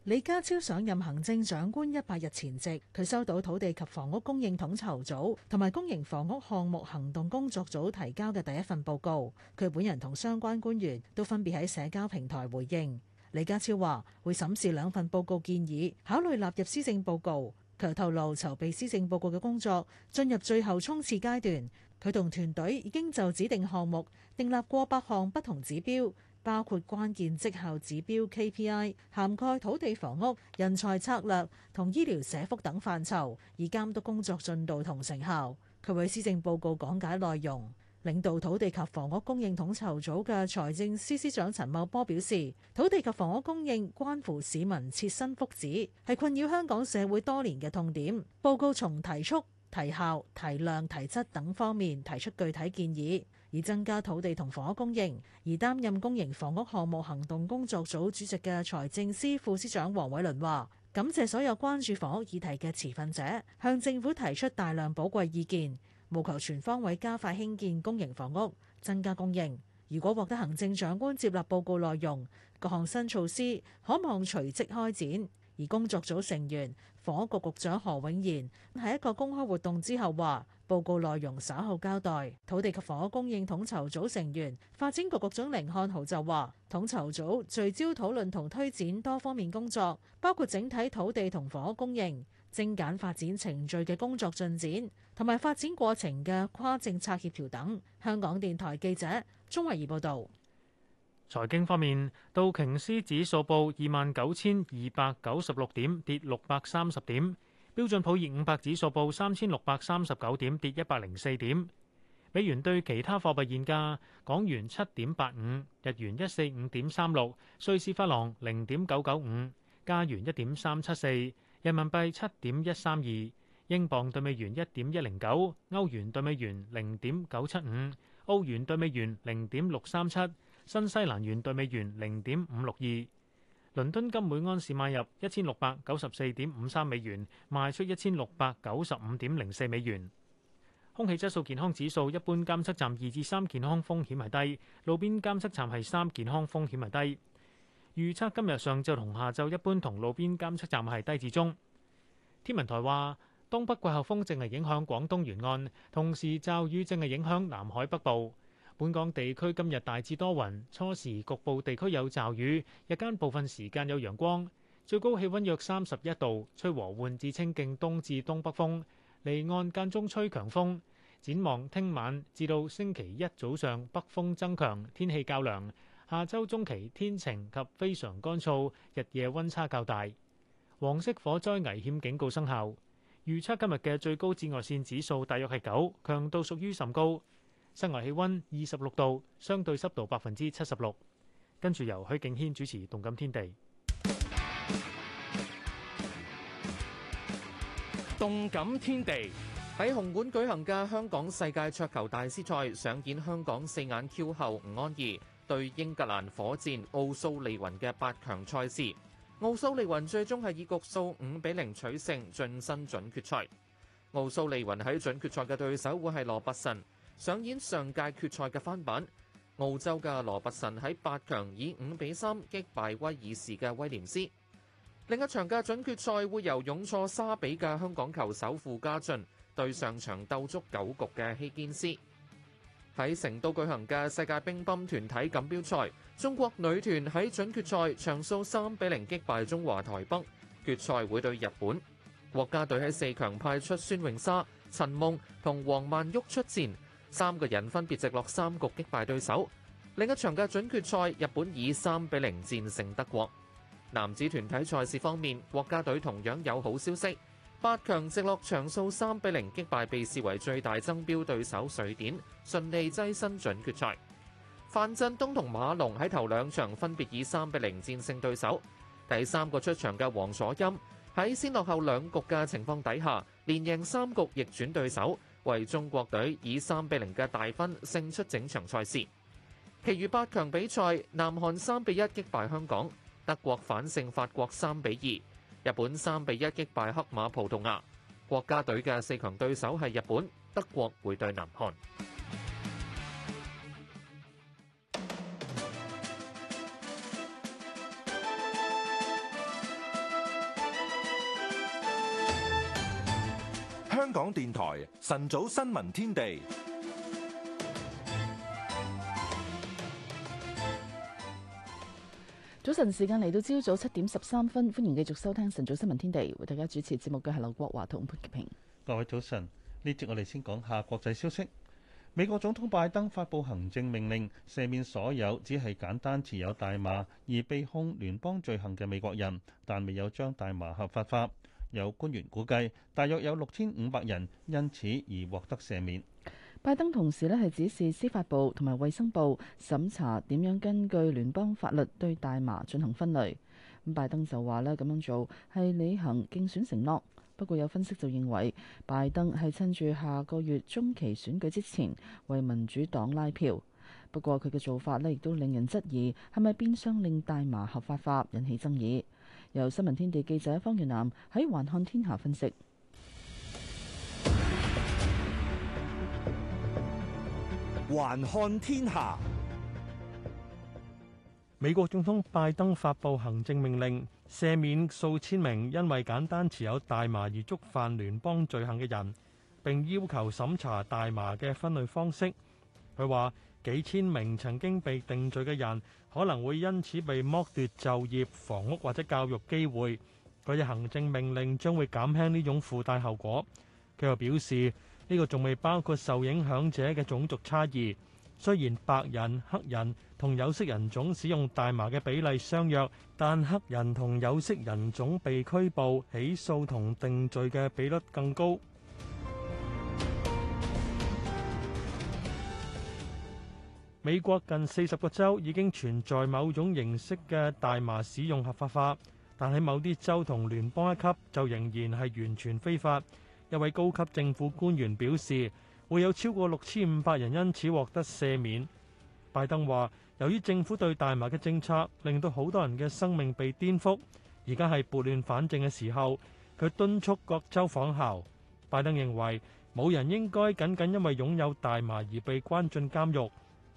[SPEAKER 10] 李家超上任行政長官一百日前夕，佢收到土地及房屋供應統籌組同埋公營房屋項目行動工作組提交嘅第一份報告。佢本人同相關官員都分別喺社交平台回應。李家超話會審視兩份報告建議，考慮納入施政報告，佢透露籌備施政報告嘅工作進入最後衝刺階段。佢同團隊已經就指定項目訂立過百項不同指標。包括關鍵績效指標 KPI，涵蓋土地、房屋、人才策略同醫療社福等範疇，以監督工作進度同成效。佢為施政報告講解內容。領導土地及房屋供應統籌組嘅財政司司長陳茂波表示，土地及房屋供應關乎市民切身福祉，係困擾香港社會多年嘅痛點。報告從提速、提效、提量、提質等方面提出具體建議。以增加土地同房屋供應。而擔任公營房屋項目行動工作組主席嘅財政司副司長黃偉綸話：感謝所有關注房屋議題嘅持份者向政府提出大量寶貴意見，務求全方位加快興建公營房屋，增加供應。如果獲得行政長官接納報告內容，各項新措施可望隨即開展。而工作組成員。房屋局局長何永賢喺一個公開活動之後話，報告內容稍後交代。土地及房屋供應統籌組成員，發展局局長甯漢豪就話，統籌組聚焦討論同推展多方面工作，包括整體土地同房屋供應、精簡發展程序嘅工作進展，同埋發展過程嘅跨政策協調等。香港電台記者鍾慧儀報道。
[SPEAKER 7] 財經方面，道瓊斯指數報二萬九千二百九十六點，跌六百三十點。標準普爾五百指數報三千六百三十九點，跌一百零四點。美元對其他貨幣現價：港元七點八五，日元一四五點三六，瑞士法郎零點九九五，加元一點三七四，人民幣七點一三二，英鎊對美元一點一零九，歐元對美元零點九七五，歐元對美元零點六三七。新西蘭元對美元零點五六二，倫敦金每安士買入一千六百九十四點五三美元，賣出一千六百九十五點零四美元。空氣質素健康指數，一般監測站二至三健康風險係低，路邊監測站係三健康風險係低。預測今日上晝同下晝一般同路邊監測站係低至中。天文台話，東北季候風正係影響廣東沿岸，同時驟雨正係影響南海北部。本港地區今日大致多雲，初時局部地區有驟雨，日間部分時間有陽光，最高氣温約三十一度，吹和緩至清勁東至東北風，離岸間中吹強風。展望聽晚至到星期一早上，北風增強，天氣較涼。下周中期天晴及非常乾燥，日夜温差較大。黃色火災危險警告生效。預測今日嘅最高紫外線指數大約係九，強度屬於甚高。室外氣溫二十六度，相對濕度百分之七十六。跟住由許敬軒主持《動感天地》。動感天地喺 [MUSIC] 紅館舉行嘅香港世界
[SPEAKER 14] 桌球大師賽上演香港四眼 Q 后吳安儀對英格蘭火箭奧蘇利雲嘅八強賽事。奧蘇利雲最終係以局數五比零取勝，晉身準決賽。奧蘇利雲喺準決賽嘅對手會係羅拔臣。上演上屆決賽嘅翻版。澳洲嘅羅拔臣喺八強以五比三擊敗威爾士嘅威廉斯。另一場嘅準決賽會由勇挫沙比嘅香港球手傅家俊對上場鬥足九局嘅希堅斯。喺成都舉行嘅世界乒乓團體錦標賽，中國女團喺準決賽場數三比零擊敗中華台北，決賽會對日本。國家隊喺四強派出孫穎莎、陳夢同王曼昱出戰。三個人分別直落三局擊敗對手。另一場嘅準決賽，日本以三比零戰勝德國。男子團體賽事方面，國家隊同樣有好消息。八強直落場數三比零擊敗被視為最大爭標對手瑞典，順利躋身準決賽。樊振東同馬龍喺頭兩場分別以三比零戰勝對手。第三個出場嘅王楚欽喺先落後兩局嘅情況底下，連贏三局逆轉對手。為中國隊以三比零嘅大分勝出整場賽事，其餘八強比賽，南韓三比一擊敗香港，德國反勝法國三比二，日本三比一擊敗黑馬葡萄牙，國家隊嘅四強對手係日本、德國會對南韓。
[SPEAKER 1] 電台晨早新聞天地，
[SPEAKER 3] 早晨時間嚟到朝早七點十三分，歡迎繼續收聽晨早新聞天地，為大家主持節目嘅係劉國華同潘潔平。
[SPEAKER 4] 各位早晨，呢節我哋先講下國際消息。美國總統拜登發佈行政命令，赦免所有只係簡單持有大麻而被控聯邦罪行嘅美國人，但未有將大麻合法化。有官員估計，大約有六千五百人因此而獲得赦免。
[SPEAKER 3] 拜登同時呢係指示司法部同埋衞生部審查點樣根據聯邦法律對大麻進行分類。咁拜登就話呢，咁樣做係履行競選承諾。不過有分析就認為，拜登係趁住下個月中期選舉之前為民主黨拉票。不過佢嘅做法呢，亦都令人質疑係咪變相令大麻合法化，引起爭議。由新聞天地記者方元南喺《環看天下》分析，《
[SPEAKER 1] 環看天下》
[SPEAKER 3] 美
[SPEAKER 1] 國總統拜登發布行政命令，赦免數千名因為簡單持有大麻而觸犯聯邦罪行嘅人，並要求審查大麻嘅分類方式。佢話幾千名曾經被定罪嘅人。可能會因此被剝奪就業、房屋或者教育機會。佢嘅行政命令將會減輕呢種附帶後果。佢又表示，呢個仲未包括受影響者嘅種族差異。雖然白人、黑人同有色人種使用大麻嘅比例相若，但黑人同有色人種被拘捕、起訴同定罪嘅比率更高。美國近四十個州已經存在某種形式嘅大麻使用合法化，但喺某啲州同聯邦一級就仍然係完全非法。一位高級政府官員表示，會有超過六千五百人因此獲得赦免。拜登話，由於政府對大麻嘅政策令到好多人嘅生命被顛覆，而家係撥亂反正嘅時候，佢敦促各州仿效。拜登認為冇人應該僅僅因為擁有大麻而被關進監獄。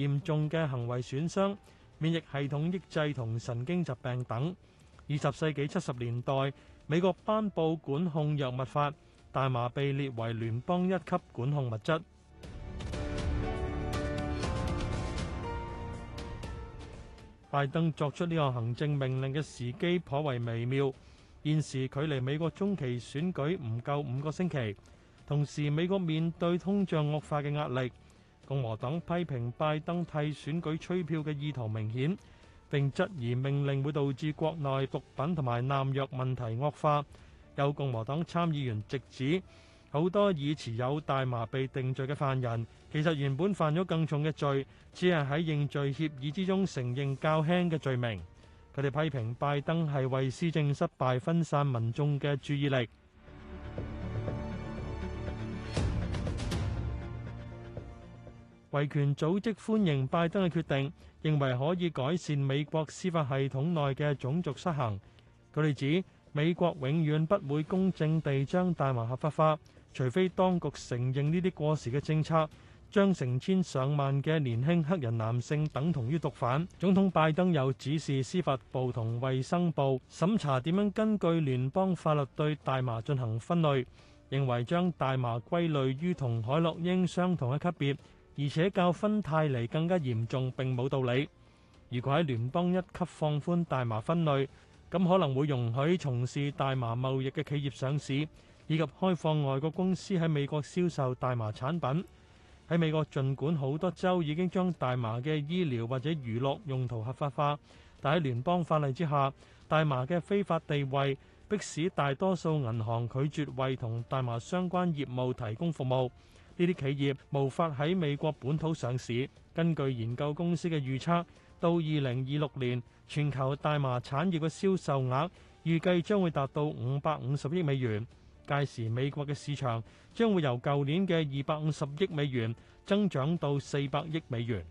[SPEAKER 1] 嚴重嘅行為損傷、免疫系統抑制同神經疾病等。二十世紀七十年代，美國頒布《管控藥物法》，大麻被列為聯邦一級管控物質。拜登作出呢個行政命令嘅時機頗為微妙，現時距離美國中期選舉唔夠五個星期，同時美國面對通脹惡化嘅壓力。共和黨批評拜登替選舉吹票嘅意圖明顯，並質疑命令會導致國內毒品同埋濫藥問題惡化。有共和黨參議員直指，好多以持有大麻被定罪嘅犯人，其實原本犯咗更重嘅罪，只係喺認罪協議之中承認較輕嘅罪名。佢哋批評拜登係為施政失敗分散民眾嘅注意力。維權組織歡迎拜登嘅決定，認為可以改善美國司法系統內嘅種族失衡。佢哋指美國永遠不會公正地將大麻合法化，除非當局承認呢啲過時嘅政策，將成千上萬嘅年輕黑人男性等同於毒犯。總統拜登又指示司法部同衞生部審查點樣根據聯邦法律對大麻進行分類，認為將大麻歸類於同海洛英相同嘅級別。而且較芬太尼更加嚴重並冇道理。如果喺聯邦一級放寬大麻分類，咁可能會容許從事大麻貿易嘅企業上市，以及開放外國公司喺美國銷售大麻產品。喺美國，儘管好多州已經將大麻嘅醫療或者娛樂用途合法化，但喺聯邦法例之下，大麻嘅非法地位迫使大多數銀行拒絕為同大麻相關業務提供服務。呢啲企業無法喺美國本土上市。根據研究公司嘅預測，到二零二六年，全球大麻產業嘅銷售額預計將會達到五百五十億美元。屆時美國嘅市場將會由舊年嘅二百五十億美元增長到四百億美元。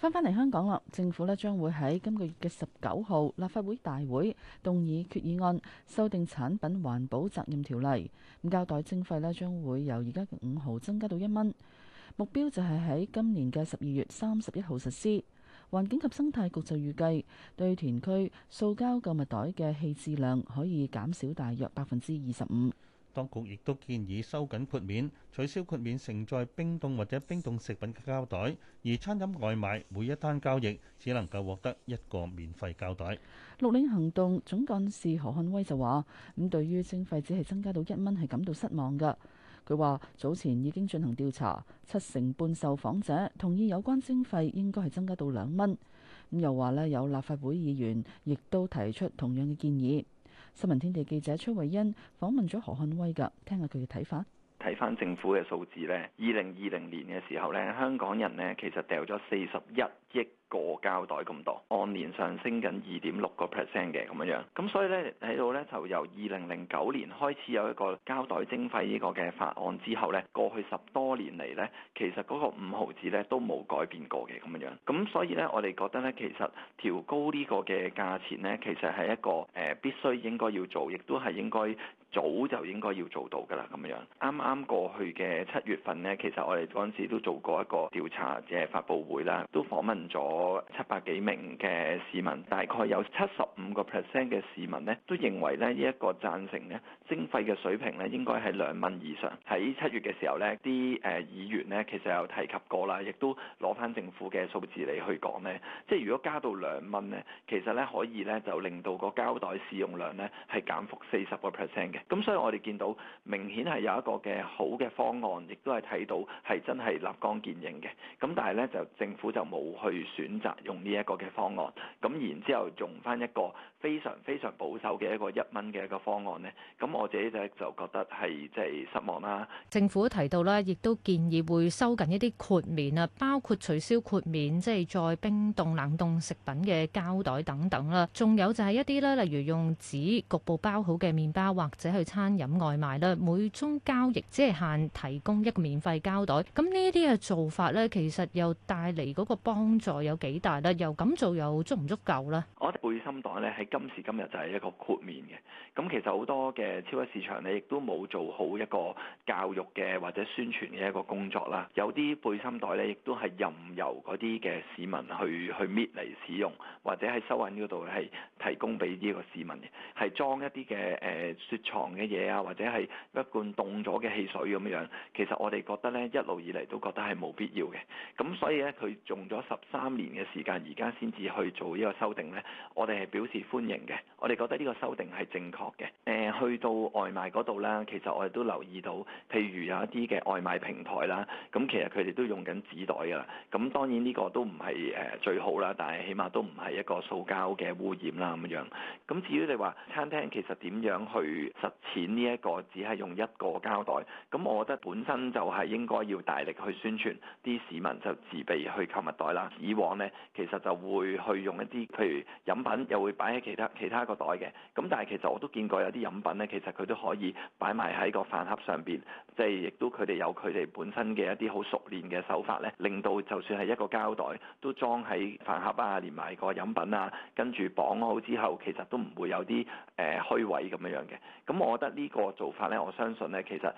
[SPEAKER 3] 返返嚟香港啦，政府呢將會喺今個月嘅十九號立法會大會動議決議案修訂產品環保責任條例，咁膠袋徵費呢將會由而家嘅五毫增加到一蚊，目標就係喺今年嘅十二月三十一號實施。環境及生態局就預計對填區塑膠購物袋嘅棄置量可以減少大約百分之二十五。
[SPEAKER 4] 當局亦都建議收緊豁免，取消豁免盛載冰凍或者冰凍食品嘅膠袋，而餐飲外賣每一單交易只能夠獲得一個免費膠袋。
[SPEAKER 3] 綠領行動總幹事何漢威就話，咁、嗯、對於徵費只係增加到一蚊係感到失望嘅。佢話早前已經進行調查，七成半受訪者同意有關徵費應該係增加到兩蚊。咁、嗯、又話呢有立法會議員亦都提出同樣嘅建議。新聞天地記者崔慧欣訪問咗何漢威㗎，聽下佢嘅睇法。
[SPEAKER 15] 睇返政府嘅數字咧，二零二零年嘅時候咧，香港人咧其實掉咗四十一。億個膠袋咁多，按年上升緊二點六個 percent 嘅咁樣樣，咁所以呢，喺度呢，就由二零零九年開始有一個膠袋徵費呢個嘅法案之後呢，過去十多年嚟呢，其實嗰個五毫紙呢都冇改變過嘅咁樣樣，咁所以呢，我哋覺得呢，其實調高呢個嘅價錢呢，其實係一個誒、呃、必須應該要做，亦都係應該早就應該要做到㗎喇咁樣。啱啱過去嘅七月份呢，其實我哋嗰陣時都做過一個調查嘅發佈會啦，都訪問咗七百幾名嘅市民，大概有七十五個 percent 嘅市民咧，都認為咧呢一個贊成咧。徵費嘅水平咧，應該係兩蚊以上。喺七月嘅時候，呢啲誒議員呢其實有提及過啦，亦都攞翻政府嘅數字嚟去講呢，即係如果加到兩蚊呢，其實呢可以呢就令到個膠袋使用量呢係減幅四十個 percent 嘅。咁所以我哋見到明顯係有一個嘅好嘅方案，亦都係睇到係真係立竿見影嘅。咁但係呢，就政府就冇去選擇用呢一個嘅方案，咁然之後用翻一個非常非常保守嘅一個一蚊嘅一個方案呢。咁我我自己咧就覺得係即係失望啦。
[SPEAKER 10] 政府提到咧，亦都建議會收緊一啲豁免啊，包括取消豁免，即係在冰凍、冷凍食品嘅膠袋等等啦。仲有就係一啲咧，例如用紙局部包好嘅麵包，或者去餐飲外賣啦。每宗交易只限提供一個免費膠袋。咁呢啲嘅做法咧，其實又帶嚟嗰個幫助有幾大咧？又咁做又
[SPEAKER 8] 足唔足夠咧？
[SPEAKER 15] 我哋背心袋咧喺今時今日就係一個豁免嘅。咁其實好多嘅。超級市場咧，亦都冇做好一個教育嘅或者宣傳嘅一個工作啦。有啲背心袋咧，亦都係任由嗰啲嘅市民去去搣嚟，使用，或者喺收銀嗰度係提供俾呢個市民嘅，係裝一啲嘅誒雪藏嘅嘢啊，或者係一罐凍咗嘅汽水咁樣樣。其實我哋覺得咧，一路以嚟都覺得係冇必要嘅。咁所以咧，佢用咗十三年嘅時間，而家先至去做呢個修訂咧，我哋係表示歡迎嘅。我哋覺得呢個修訂係正確嘅。誒，去到。外賣嗰度啦，其實我哋都留意到，譬如有一啲嘅外賣平台啦，咁其實佢哋都用緊紙袋噶啦，咁當然呢個都唔係誒最好啦，但係起碼都唔係一個塑膠嘅污染啦咁樣。咁至於你話餐廳其實點樣去實踐呢一個只係用一個膠袋，咁我覺得本身就係應該要大力去宣傳，啲市民就自備去購物袋啦。以往呢，其實就會去用一啲譬如飲品又會擺喺其他其他一個袋嘅，咁但係其實我都見過有啲飲品咧其實佢都可以擺埋喺個飯盒上邊，即係亦都佢哋有佢哋本身嘅一啲好熟練嘅手法咧，令到就算係一個膠袋都裝喺飯盒啊，連埋個飲品啊，跟住綁好之後，其實都唔會有啲誒虛位咁樣樣嘅。咁我覺得呢個做法呢，我相信呢其實。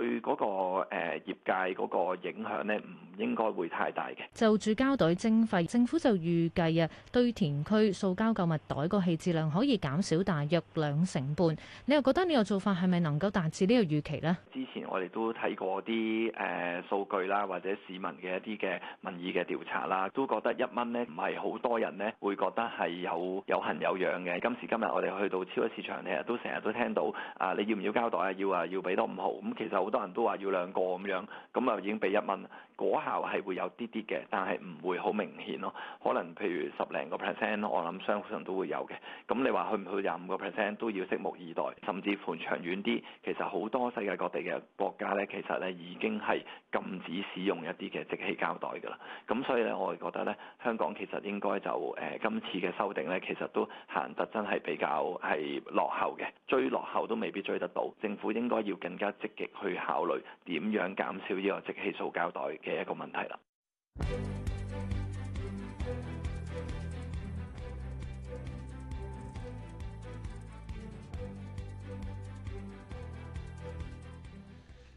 [SPEAKER 15] 對嗰個誒業界嗰個影響呢，唔應該會太大嘅。
[SPEAKER 10] 就住膠袋徵費，政府就預計啊，堆填區塑膠購物袋個棄置量可以減少大約兩成半。你又覺得呢個做法係咪能夠達至呢個預期呢？
[SPEAKER 15] 之前我哋都睇過啲誒、呃、數據啦，或者市民嘅一啲嘅民意嘅調查啦，都覺得一蚊呢唔係好多人呢會覺得係有有痕有樣嘅。今時今日我哋去到超級市場，你日都成日都聽到啊，你要唔要膠袋啊？要啊，要俾多五毫。咁其實，好多人都話要兩個咁樣，咁啊已經俾一蚊，果效係會有啲啲嘅，但係唔會好明顯咯。可能譬如十零個 percent 我諗相信都會有嘅。咁你話去唔去廿五個 percent 都要拭目以待，甚至乎長遠啲，其實好多世界各地嘅國家呢，其實呢已經係禁止使用一啲嘅即棄膠袋噶啦。咁所以呢，我係覺得呢，香港其實應該就誒、呃、今次嘅修訂呢，其實都行得真係比較係落後嘅，追落後都未必追得到。政府應該要更加積極去。考慮點樣減少呢個即棄塑膠袋嘅一個問題啦。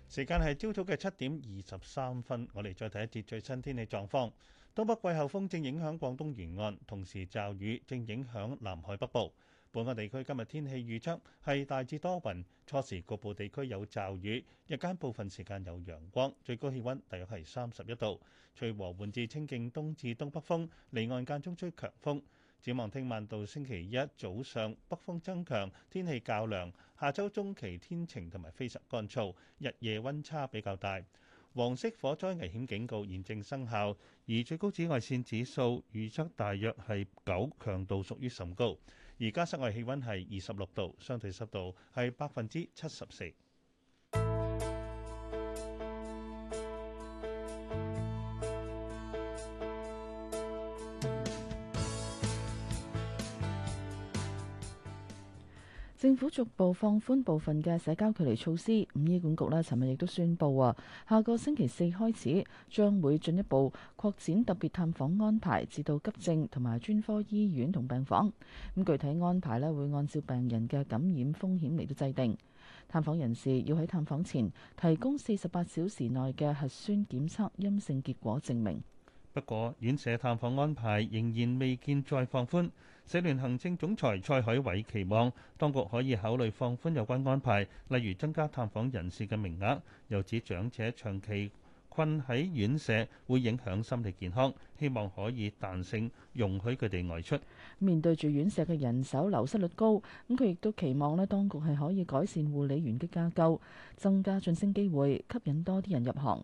[SPEAKER 4] 時間係朝早嘅七點二十三分，我哋再睇一節最新天氣狀況。東北季候風正影響廣東沿岸，同時驟雨正影響南海北部。本港地區今日天，天氣預測係大致多雲，初時局部地區有驟雨，日間部分時間有陽光，最高氣温大約係三十一度。吹和緩至清勁東至東北風，離岸間中吹強風。展望聽晚到星期一早上，北風增強，天氣較涼。下週中期天晴同埋非常乾燥，日夜温差比較大。黃色火災危險警告現正生效，而最高紫外線指數預測大約係九，強度屬於甚高。而家室外氣温係二十六度，相對濕度係百分之七十四。
[SPEAKER 3] 逐步放寬部分嘅社交距離措施，咁醫管局咧，尋日亦都宣佈啊，下個星期四開始，將會進一步擴展特別探訪安排至到急症同埋專科醫院同病房。咁具體安排咧，會按照病人嘅感染風險嚟到制定。探訪人士要喺探訪前提供四十八小時內嘅核酸檢測陰性結果證明。
[SPEAKER 4] 不過，院舍探訪安排仍然未見再放寬。社聯行政總裁蔡海偉期望當局可以考慮放寬有關安排，例如增加探訪人士嘅名額。又指長者長期困喺院舍會影響心理健康，希望可以彈性容許佢哋外出。
[SPEAKER 3] 面對住院舍嘅人手流失率高，咁佢亦都期望咧當局係可以改善護理員嘅架構，增加晉升機會，吸引多啲人入行。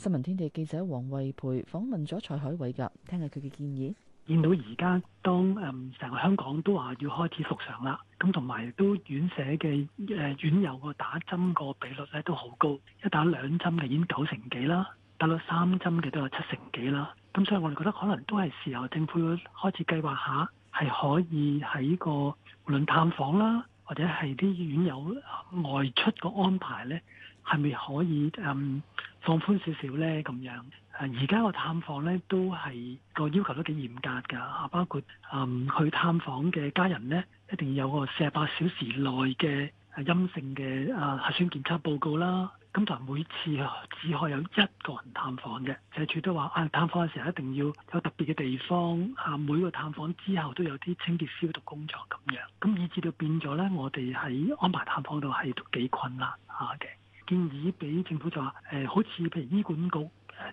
[SPEAKER 3] 新聞天地記者黃慧培訪問咗蔡海偉噶，聽下佢嘅建議。見到而家當
[SPEAKER 11] 誒成、嗯、個香港都話要開始復常啦，咁同埋都院舍嘅、誒、呃、院友個打針個比率咧都好高，一打兩針嘅已經九成幾啦，打咗三針嘅都有七成幾啦。咁所以我哋覺得可能都係時候政府要開始計劃下，係可以喺個輪探訪啦，或者係啲院友外出個安排咧。係咪可以嗯放寬少少呢？咁樣誒，而家個探訪呢，都係個要求都幾嚴格㗎嚇，包括誒、嗯、去探訪嘅家人呢，一定要有個四十八小時內嘅陰性嘅啊核酸檢測報告啦。咁同埋每次、啊、只可以有一個人探訪嘅，社署都話啊，探訪嘅時候一定要有特別嘅地方嚇、啊。每個探訪之後都有啲清潔消毒工作咁樣，咁以至到變咗呢，我哋喺安排探訪度係都幾困難嚇嘅。啊建議俾政府就話誒，好似譬如醫管局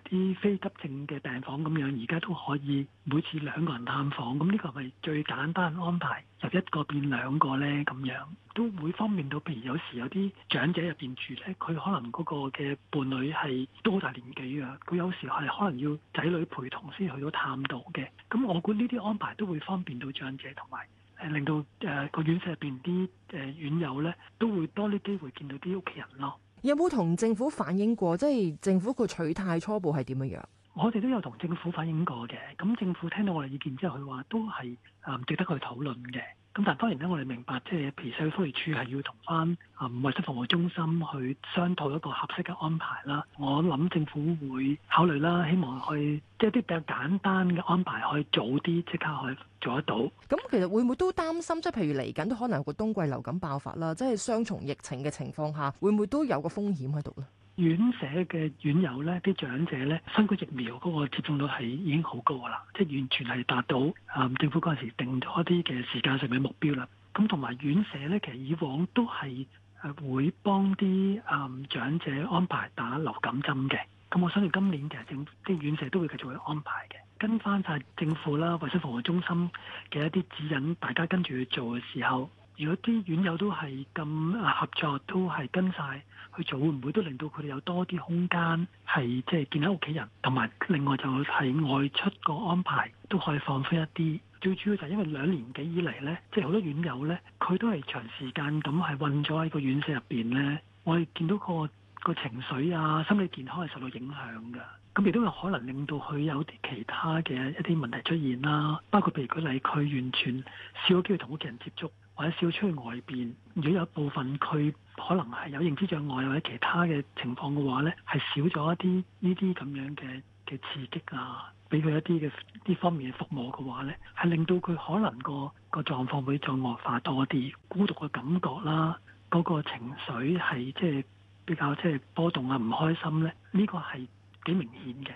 [SPEAKER 11] 啲、呃、非急症嘅病房咁樣，而家都可以每次兩個人探訪，咁呢個係最簡單安排，由一個變兩個呢咁樣，都會方便到譬如有時有啲長者入邊住呢，佢可能嗰個嘅伴侶係多大年紀啊，佢有時係可能要仔女陪同先去到探到嘅，咁我估呢啲安排都會方便到長者同埋誒令到誒個、呃、院舍入邊啲誒院友呢，都會多啲
[SPEAKER 16] 機會見到啲
[SPEAKER 11] 屋企人咯。
[SPEAKER 16] 有冇同政府反映過，即係政府個取態初步係點樣樣？我哋都有同政府反映過嘅，咁政府聽到我哋意見之後，佢話都係
[SPEAKER 11] 誒值得去討論嘅。咁但係當然咧，我哋明白即係譬如社會福利處係要同翻啊衞生服務中心去商討一個合適嘅安排啦。我諗政府會考慮啦，希望去即係啲比較簡單嘅安排可以早啲即刻去做得到。
[SPEAKER 16] 咁其實會唔會都擔心即係譬如嚟緊都可能有個冬季流感爆發啦，即係雙重疫情嘅情況下，會唔會都有個風險喺度咧？
[SPEAKER 11] 院舍嘅院友呢啲長者呢，新冠疫苗嗰個接種率係已經好高噶啦，即係完全係達到啊、嗯，政府嗰陣時定咗一啲嘅時間上嘅目標啦。咁同埋院舍呢，其實以往都係誒會幫啲啊、嗯、長者安排打流感針嘅。咁我相信今年其實政府啲院舍都會繼續去安排嘅，跟翻晒政府啦、衞生服務中心嘅一啲指引，大家跟住去做嘅時候。如果啲院友都係咁合作，都係跟晒去做，會唔會都令到佢哋有多啲空間係即係見下屋企人，同埋另外就係外出個安排都可以放寬一啲。最主要就係因為兩年幾以嚟呢，即係好多院友呢，佢都係長時間咁係困咗喺個院舍入邊呢。我哋見到個個情緒啊、心理健康係受到影響㗎。咁亦都有可能令到佢有其他嘅一啲問題出現啦，包括譬如佢嚟佢完全少咗機會同屋企人接觸。或者少出去外邊，如果有一部分佢可能係有認知障礙或者其他嘅情況嘅話呢，呢係少咗一啲呢啲咁樣嘅嘅刺激啊，俾佢一啲嘅呢方面嘅服務嘅話呢，呢係令到佢可能個個狀況會再惡化多啲，孤獨嘅感覺啦，嗰個情緒係即係比較即係波動啊，唔開心咧，呢個係幾明顯嘅。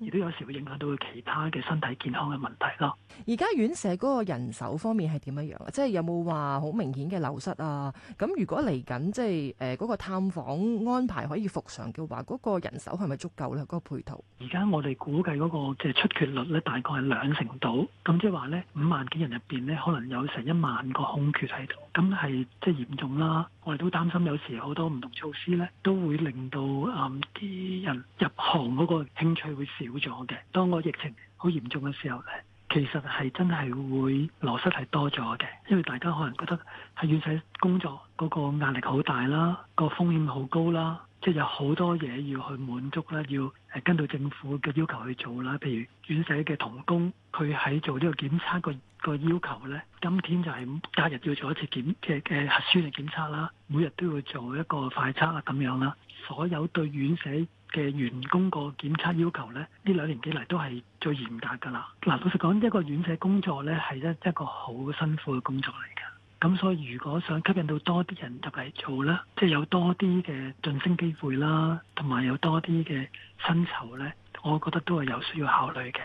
[SPEAKER 11] 亦都有時會影響到佢其他嘅身體健康嘅問題咯。
[SPEAKER 16] 而家院舍嗰個人手方面係點樣啊？即係有冇話好明顯嘅流失啊？咁如果嚟緊即係誒嗰個探訪安排可以復常嘅話，嗰個人手係咪足夠咧？嗰個配套？
[SPEAKER 11] 而家我哋估計嗰個即係出缺率咧，大概係兩成度。咁即係話咧，五萬幾人入邊咧，可能有成一萬個空缺喺度。咁係即係嚴重啦。我哋都擔心有時好多唔同措施咧，都會令到誒啲人入行嗰個興趣會少。少咗嘅，當個疫情好嚴重嘅時候呢，其實係真係會流失係多咗嘅，因為大家可能覺得喺院舍工作嗰個壓力好大啦，個風險好高啦，即係有好多嘢要去滿足啦，要誒跟到政府嘅要求去做啦。譬如院舍嘅童工，佢喺做呢個檢測個個要求呢，今天就係隔日要做一次檢嘅嘅、呃、核酸嘅檢測啦，每日都要做一個快測啊咁樣啦，所有對院舍。嘅員工個檢測要求呢，呢兩年幾嚟都係最嚴格㗎喇。嗱，老實講，一個院舍工作呢係一一個好辛苦嘅工作嚟㗎。咁所以，如果想吸引到多啲人入嚟做呢，即係有多啲嘅晉升機會啦，同埋有多啲嘅薪酬呢，我覺得都係有需要考慮嘅。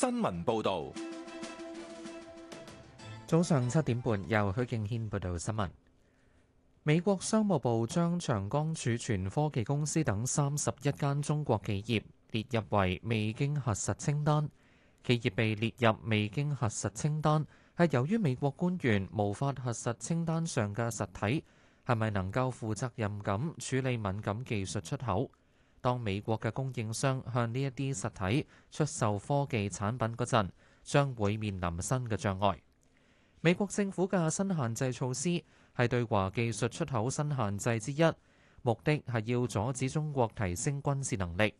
[SPEAKER 1] 新聞報道，
[SPEAKER 14] 早上七點半，由許敬軒報道新聞。美國商務部將長江儲存科技公司等三十一間中國企業列入為未經核實清單。企業被列入未經核實清單，係由於美國官員無法核實清單上嘅實體，係咪能夠負責任咁處理敏感技術出口。當美國嘅供應商向呢一啲實體出售科技產品嗰陣，將會面臨新嘅障礙。美國政府嘅新限制措施係對華技術出口新限制之一，目的係要阻止中國提升軍事能力。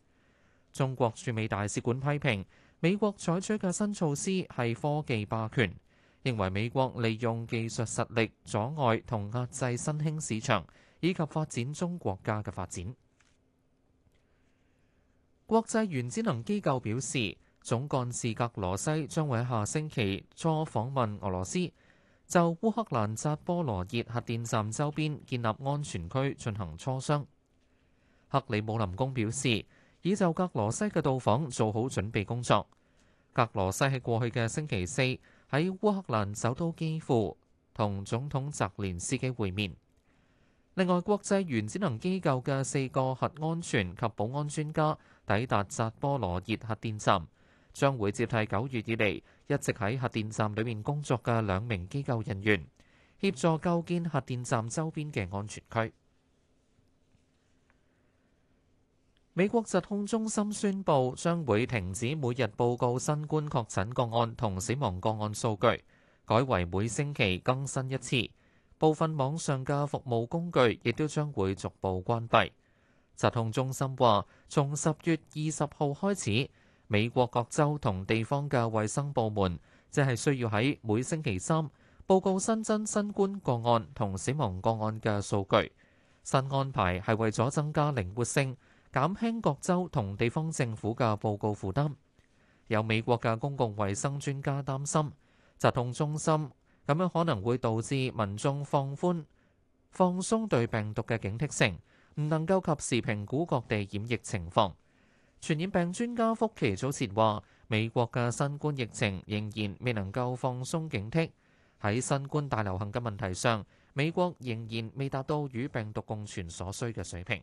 [SPEAKER 14] 中國駐美大使館批評美國採取嘅新措施係科技霸權，認為美國利用技術實力阻礙同壓制新興市場，以及發展中國家嘅發展。國際原子能機構表示，總幹事格羅西將會喺下星期初訪問俄羅斯，就烏克蘭扎波羅熱核電站周邊建立安全區進行磋商。克里姆林宮表示，已就格羅西嘅到訪做好準備工作。格羅西喺過去嘅星期四喺烏克蘭首都基輔同總統澤連斯基會面。另外，國際原子能機構嘅四個核安全及保安專家，抵達扎波羅熱核電站，將會接替九月以嚟一直喺核電站裏面工作嘅兩名機構人員，協助構建核電站周邊嘅安全區。美國疾控中心宣佈，將會停止每日報告新冠確診個案同死亡個案數據，改為每星期更新一次。部分網上嘅服務工具亦都將會逐步關閉。疾控中心話，從十月二十號開始，美國各州同地方嘅衛生部門即係需要喺每星期三報告新增新冠個案同死亡個案嘅數據，新安排係為咗增加靈活性，減輕各州同地方政府嘅報告負擔，有美國嘅公共衛生專家擔心，疾控中心咁樣可能會導致民眾放寬放鬆對病毒嘅警惕性。唔能夠及時評估各地染疫情況。傳染病專家福奇早前話，美國嘅新冠疫情仍然未能夠放鬆警惕，喺新冠大流行嘅問題上，美國仍然未達到與病毒共存所需嘅水平。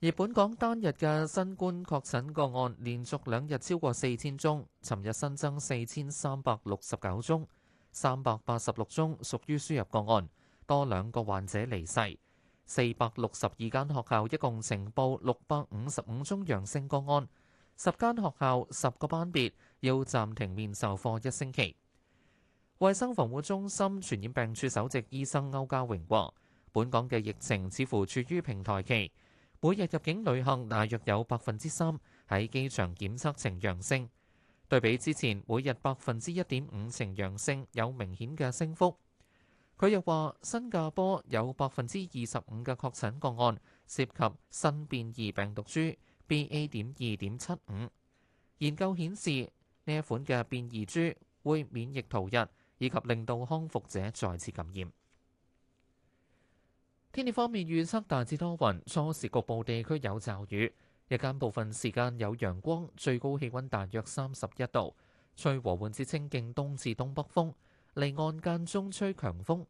[SPEAKER 14] 而本港單日嘅新冠確診個案連續兩日超過四千宗，尋日新增四千三百六十九宗，三百八十六宗屬於輸入個案。多兩個患者離世，四百六十二間學校一共呈報六百五十五宗陽性個案，十間學校十個班別要暫停面授課一星期。衛生防護中心傳染病處首席醫生歐家榮話，本港嘅疫情似乎處於平台期，每日入境旅客大約有百分之三喺機場檢測呈陽性，對比之前每日百分之一點五呈陽性，有明顯嘅升幅。佢又話：新加坡有百分之二十五嘅確診個案涉及新變異病毒株 BA 點二點七五。研究顯示呢一款嘅變異株會免疫逃逸，以及令到康復者再次感染。天氣方面預測大致多雲，初時局部地區有驟雨，日間部分時間有陽光，最高氣温大約三十一度，吹和緩至清勁東至東北風。離岸間中吹強風，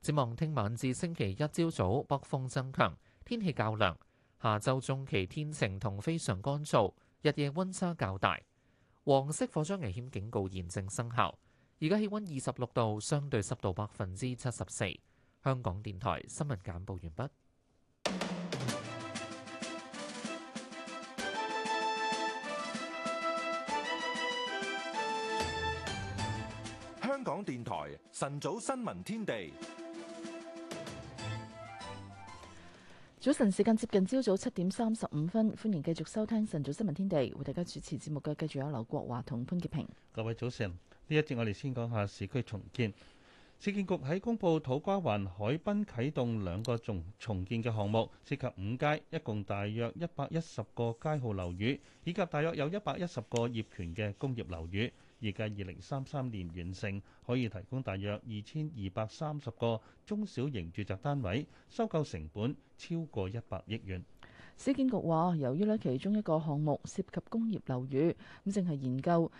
[SPEAKER 14] 展望聽晚至星期一朝早北風增強，天氣較涼。下週中期天晴同非常乾燥，日夜溫差較大。黃色火災危險警告現正生效。而家氣溫二十六度，相對濕度百分之七十四。香港電台新聞簡報完畢。
[SPEAKER 1] 電台晨早新聞天地，
[SPEAKER 3] 早晨時間接近朝早七點三十五分，歡迎繼續收聽晨早新聞天地，為大家主持節目嘅繼續有劉國華同潘潔平。
[SPEAKER 4] 各位早晨，呢一節我哋先講下市區重建，市建局喺公布土瓜灣海濱啟動兩個重重建嘅項目，涉及五街，一共大約一百一十個街號樓宇，以及大約有一百一十個業權嘅工業樓宇。預計二零三三年完成，可以提供大約二千二百三十個中小型住宅單位，收購成本超過一百億元。
[SPEAKER 3] 市建局話，由於呢其中一個項目涉及工業樓宇，咁淨係研究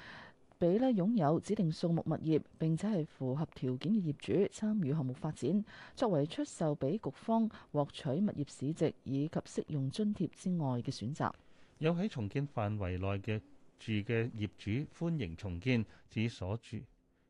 [SPEAKER 3] 俾咧擁有指定數目物業並且係符合條件嘅業主參與項目發展，作為出售俾局方獲取物業市值以及適用津貼之外嘅選擇。
[SPEAKER 4] 有喺重建範圍內嘅。住嘅業主歡迎重建，指所住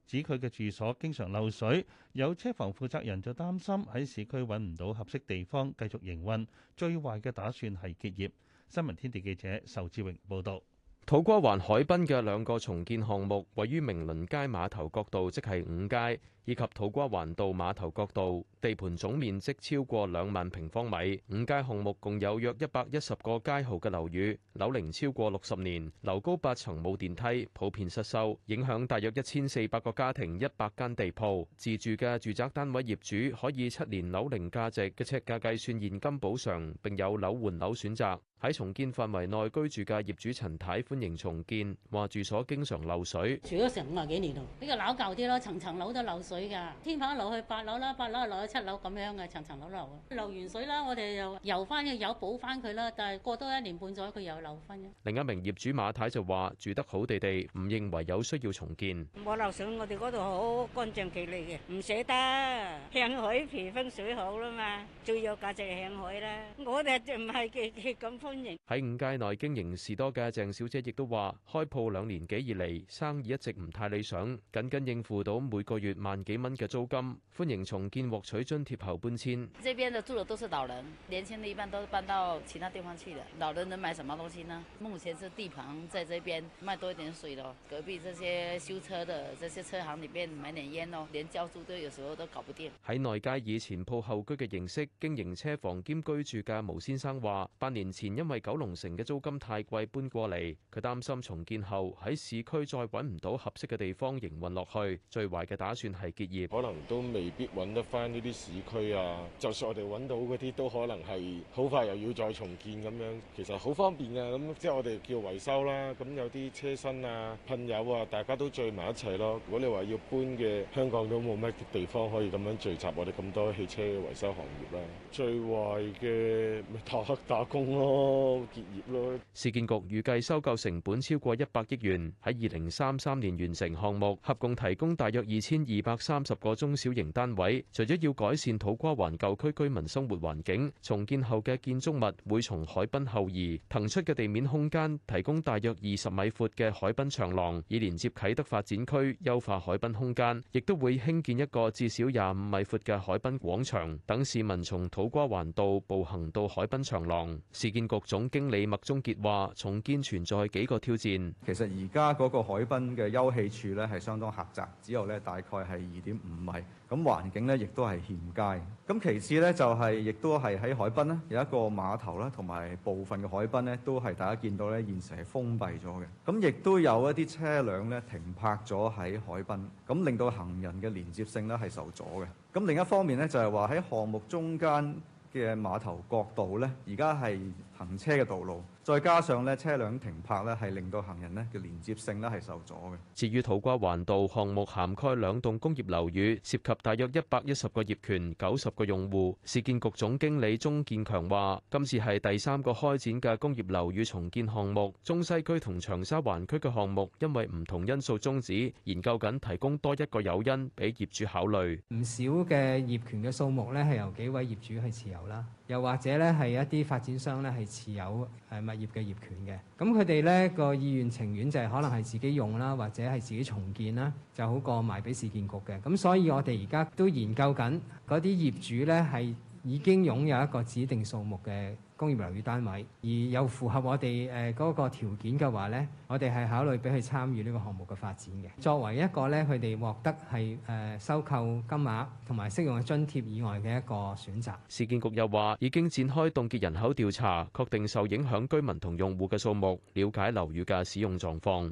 [SPEAKER 4] 指佢嘅住所經常漏水。有車房負責人就擔心喺市區揾唔到合適地方繼續營
[SPEAKER 12] 運，最壞嘅打算係結業。新聞天地記者仇志榮報道，土瓜灣海濱嘅兩個重建項目位於明倫街、馬頭角道，即係五街。以及土瓜灣道、馬頭角道地盤，總面積超過兩萬平方米，五街項目共有約一百一十個街號嘅樓宇，樓齡超過六十年，樓高八層冇電梯，普遍失修，影響大約一千四百個家庭、一百間地鋪。自住嘅住宅單位業主可以七年樓齡價值嘅尺價計算現金補償，並有樓換樓選擇。喺重建範圍內居住嘅業主陳太歡迎重建，話住所經常漏水，住
[SPEAKER 8] 咗成五廿幾年咯，比較老舊啲咯，層層樓都漏水。水㗎，天棚流去八樓啦，八樓又流去七樓咁樣嘅層層樓流。流完水啦，我哋又游翻個油補翻佢啦。但係過多一年半載，佢又流翻嘅。
[SPEAKER 12] 另一名業主馬太就話：住得好地地，唔認為有需要重建。
[SPEAKER 8] 我樓上我哋嗰度好乾淨企理嘅，唔捨得向海皮風水好啦嘛，最有價值係向海啦。我哋就唔係幾咁歡迎。
[SPEAKER 12] 喺五街內經營士多嘅鄭小姐亦都話：開鋪兩年幾以嚟，生意一直唔太理想，僅僅應付到每個月萬。幾蚊嘅租金，歡迎重建獲取津貼後搬遷。
[SPEAKER 8] 呢邊嘅住的都是老人，年輕的一般都搬到其他地方去的。老人能買什麼東西呢？目前是地盤，在這邊賣多一點水咯。隔壁這些修車的、這些車行裡面買點煙咯，
[SPEAKER 3] 連交租都有時候都搞唔掂。
[SPEAKER 12] 喺內街以前鋪後居嘅形式經營車房兼居住嘅毛先生話，八年前因為九龍城嘅租金太貴，搬過嚟。佢擔心重建後喺市區再搵唔到合適嘅地方營運落去，最壞嘅打算係。結
[SPEAKER 1] 業可能都未必揾得返呢啲市區啊！就算我哋揾到嗰啲，都可能係好快又要再重建咁樣。其實好方便㗎，咁即係我哋叫維修啦。咁有啲車身啊、噴油啊，大家都聚埋一齊咯。如果你話要搬嘅，香港都冇咩地方可以咁樣聚集我哋咁多汽車維修行業啦。最壞嘅咪打黑打工咯，結業咯。
[SPEAKER 12] 市建局預計收購成本超過一百億元，喺二零三三年完成項目，合共提供大約二千二百三十個中小型單位，除咗要改善土瓜灣舊區居民生活環境，重建後嘅建築物會從海濱後移，騰出嘅地面空間提供大約二十米闊嘅海濱長廊，以連接啟德發展區，優化海濱空間，亦都會興建一個至少廿五米闊嘅海濱廣場，等市民從土瓜灣道步行到海濱長廊。市建局總經理麥中傑話：重建存在幾個挑戰，
[SPEAKER 2] 其實而家嗰個海濱嘅休憩處呢，係相當狹窄，只有呢大概係。二點五米，咁環境呢亦都係欠佳。咁其次呢就係，亦都係喺海濱呢有一個碼頭啦，同埋部分嘅海濱呢都係大家見到呢現時係封閉咗嘅。咁亦都有一啲車輛呢停泊咗喺海濱，咁令到行人嘅連接性呢係受阻嘅。咁另一方面呢就係話喺項目中間嘅碼頭角度呢，而家係。行車嘅道路，再加上咧車輛停泊咧，係令到行人咧嘅連接性咧係受阻嘅。
[SPEAKER 12] 至於土瓜環道項目涵蓋兩棟工業樓宇，涉及大約一百一十個業權、九十個用戶。市建局總經理鍾建強話：今次係第三個開展嘅工業樓宇重建項目，中西區同長沙灣區嘅項目因為唔同因素中止，研究緊提供多一個誘因俾業主考慮。
[SPEAKER 7] 唔少嘅業權嘅數目咧係由幾位業主去持有啦。又或者呢，係一啲發展商係持有物業嘅業權嘅，咁佢哋呢個意願情願就係可能係自己用啦，或者係自己重建啦，就好過賣畀市建局嘅。咁所以我哋而家都研究緊嗰啲業主呢係，是已經擁有一個指定數目嘅工業樓宇單位，而有符合我哋誒嗰個條件嘅話呢，我哋係考慮俾佢參與呢個項目嘅發展嘅。作為一個呢，佢哋獲得係誒收
[SPEAKER 16] 購金額同埋適用嘅津貼以外嘅一個選擇。
[SPEAKER 12] 市建局又話，已經展開凍結人口調查，確定受影響居民同用戶嘅數目，了解樓宇嘅使用狀況。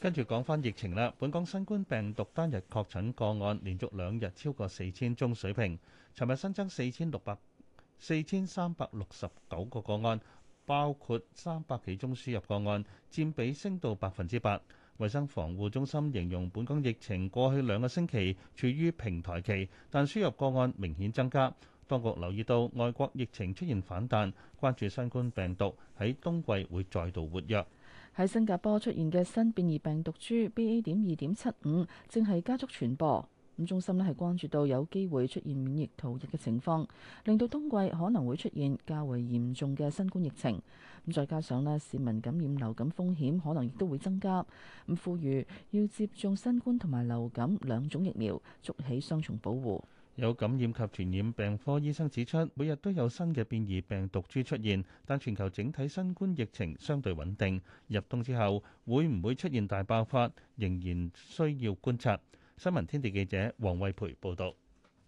[SPEAKER 4] 跟住講翻疫情啦，本港新冠病毒單日確診個案連續兩日超過四千宗水平，尋日新增四千六百四千三百六十九個個案，包括三百幾宗輸入個案，佔比升到百分之八。衞生防護中心形容本港疫情過去兩個星期處於平台期，但輸入個案明顯增加。當局留意到外國疫情出現反彈，關注新冠病毒喺冬季會再度活躍。
[SPEAKER 3] 喺新加坡出現嘅新變異病毒株 BA 點二點七五正係加速傳播，咁中心呢係關注到有機會出現免疫逃逸嘅情況，令到冬季可能會出現較為嚴重嘅新冠疫情。咁再加上呢，市民感染流感風險可能亦都會增加，咁呼籲要接種新冠同埋流感兩種疫苗，築起雙重保護。
[SPEAKER 4] 有感染及傳染病科醫生指出，每日都有新嘅變異病毒株出現，但全球整體新冠疫情相對穩定。入冬之後會唔會出現大爆發，仍然需要觀察。新聞天地記者黃慧培報道。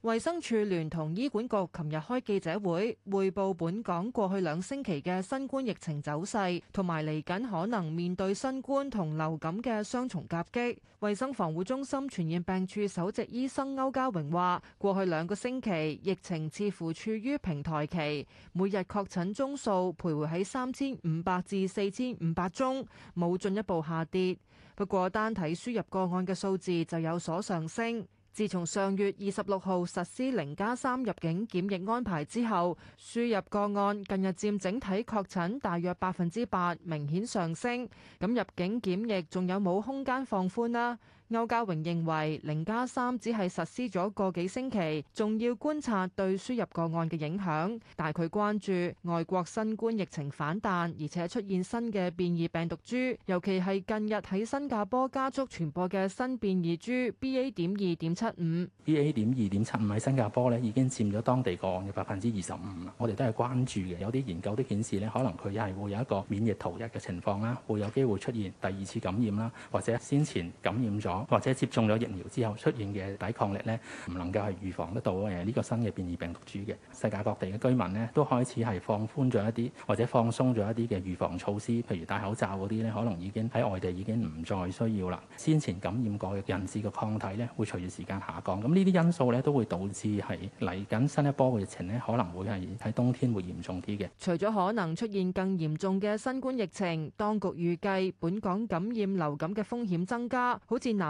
[SPEAKER 16] 衛生署聯同醫管局琴日開記者會，匯報本港過去兩星期嘅新冠疫情走勢，同埋嚟緊可能面對新冠同流感嘅雙重夾擊。衛生防護中心傳染病處首席醫生歐家榮話，過去兩個星期疫情似乎處於平台期，每日確診宗數徘徊喺三千五百至四千五百宗，冇進一步下跌。不過單睇輸入個案嘅數字就有所上升。自從上月二十六號實施零加三入境檢疫安排之後，輸入個案近日佔整體確診大約百分之八，明顯上升。咁入境檢疫仲有冇空間放寬呢？歐家榮認為零加三只係實施咗個幾星期，仲要觀察對輸入個案嘅影響。但佢關注外國新冠疫情反彈，而且出現新嘅變異病毒株，尤其係近日喺新加坡加速傳播嘅新變異株 BA.2.75。
[SPEAKER 1] BA.2.75 喺新加坡呢已經佔咗當地個案嘅百分之二十五。我哋都係關注嘅，有啲研究都顯示呢，可能佢係會有一個免疫逃逸嘅情況啦，會有機會出現第二次感染啦，或者先前感染咗，或者接種咗疫苗之後出現嘅抵抗力咧，唔能夠係預防得到誒呢個新嘅變異病毒株嘅。世界各地嘅居民呢，都開始係放寬咗一啲或者放鬆咗一啲嘅預防措施，譬如戴口罩嗰啲咧，可能已經喺外地已經唔再需要啦。先前感染過嘅人士嘅抗體咧，會隨住時間下降。咁呢啲因素咧，都會導致係嚟緊新一波嘅疫情咧，可能會係喺冬天會嚴重啲嘅。
[SPEAKER 16] 除咗可能出現更嚴重嘅新冠疫情，當局預計本港感染流感嘅風險增加，好似南。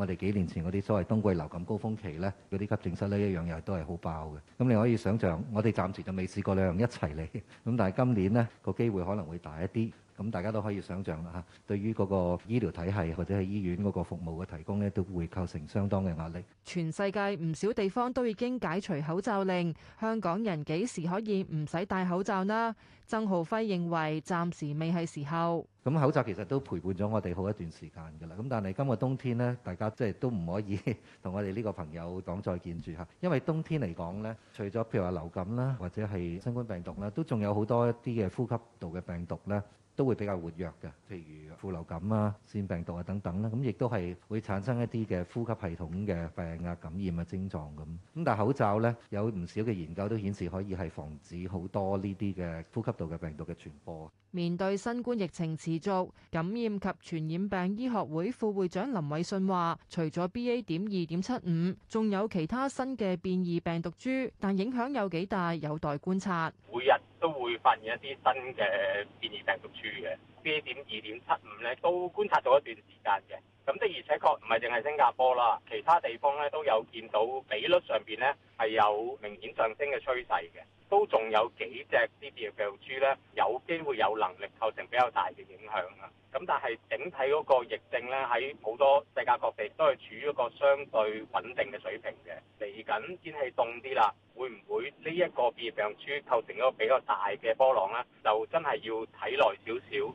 [SPEAKER 17] 我哋幾年前嗰啲所謂冬季流感高峰期呢，嗰啲急症室呢一樣又都係好爆嘅。咁你可以想象，我哋暫時就未試過兩樣一齊嚟。咁但係今年呢，個機會可能會大一啲。咁大家都可以想象啦嚇。對於嗰個醫療體系或者係醫院嗰個服務嘅提供呢，都會構成相當嘅壓力。
[SPEAKER 16] 全世界唔少地方都已經解除口罩令，香港人幾時可以唔使戴口罩呢？曾浩輝認為暫時未係時候。
[SPEAKER 17] 咁口罩其實都陪伴咗我哋好一段時間噶啦。咁但係今個冬天咧，大家即係都唔可以同我哋呢個朋友講再見住吓。因為冬天嚟講咧，除咗譬如話流感啦，或者係新冠病毒啦，都仲有好多一啲嘅呼吸道嘅病毒咧。都會比較活躍嘅，譬如副流感啊、腺病毒啊等等啦，咁亦都係會產生一啲嘅呼吸系統嘅病啊、感染啊症狀嘅。咁但係口罩呢，有唔少嘅研究都顯示可以係防止好多呢啲嘅呼吸道嘅病毒嘅傳播。
[SPEAKER 16] 面對新冠疫情持續，感染及傳染病醫學會副會長林偉信話，除咗 BA. 點二點七五，仲有其他新嘅變異病毒株，但影響有幾大，有待觀察。
[SPEAKER 9] 每日都會發現一啲新嘅變異病毒株嘅。B 點二點七五咧，都觀察咗一段時間嘅。咁的而且確唔係淨係新加坡啦，其他地方咧都有見到比率上面咧係有明顯上升嘅趨勢嘅。都仲有幾隻 B 二病豬咧，有機會有能力構成比較大嘅影響啊。咁但係整體嗰個疫症咧喺好多世界各地都係處於一個相對穩定嘅水平嘅。嚟緊天氣凍啲啦，會唔會呢一個 B 二病豬構成一個比較大嘅波浪咧？就真係要睇耐少少。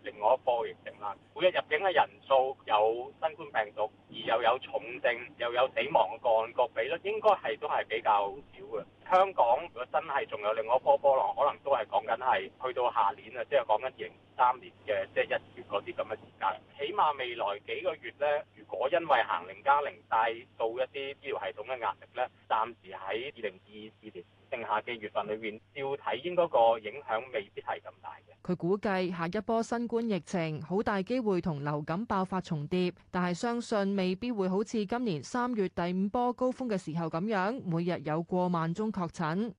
[SPEAKER 9] 另外一波疫情啦，每日入境嘅人數有新冠病毒，而又有重症，又有死亡嘅個案個比率應該係都係比較少嘅。香港如果真係仲有另外一波波浪，可能都係講緊係去到下年啊，即係講緊二零二三年嘅即係一月嗰啲咁嘅時間，起碼未來幾個月咧，如果因為行零加零帶到一啲醫療系統嘅壓力咧，暫時喺二零二四年。剩下嘅月份裏邊，照睇應該個影響未必係咁大嘅。
[SPEAKER 16] 佢估計下一波新冠疫情好大機會同流感爆發重疊，但係相信未必會好似今年三月第五波高峰嘅時候咁樣，每日有過萬宗確診。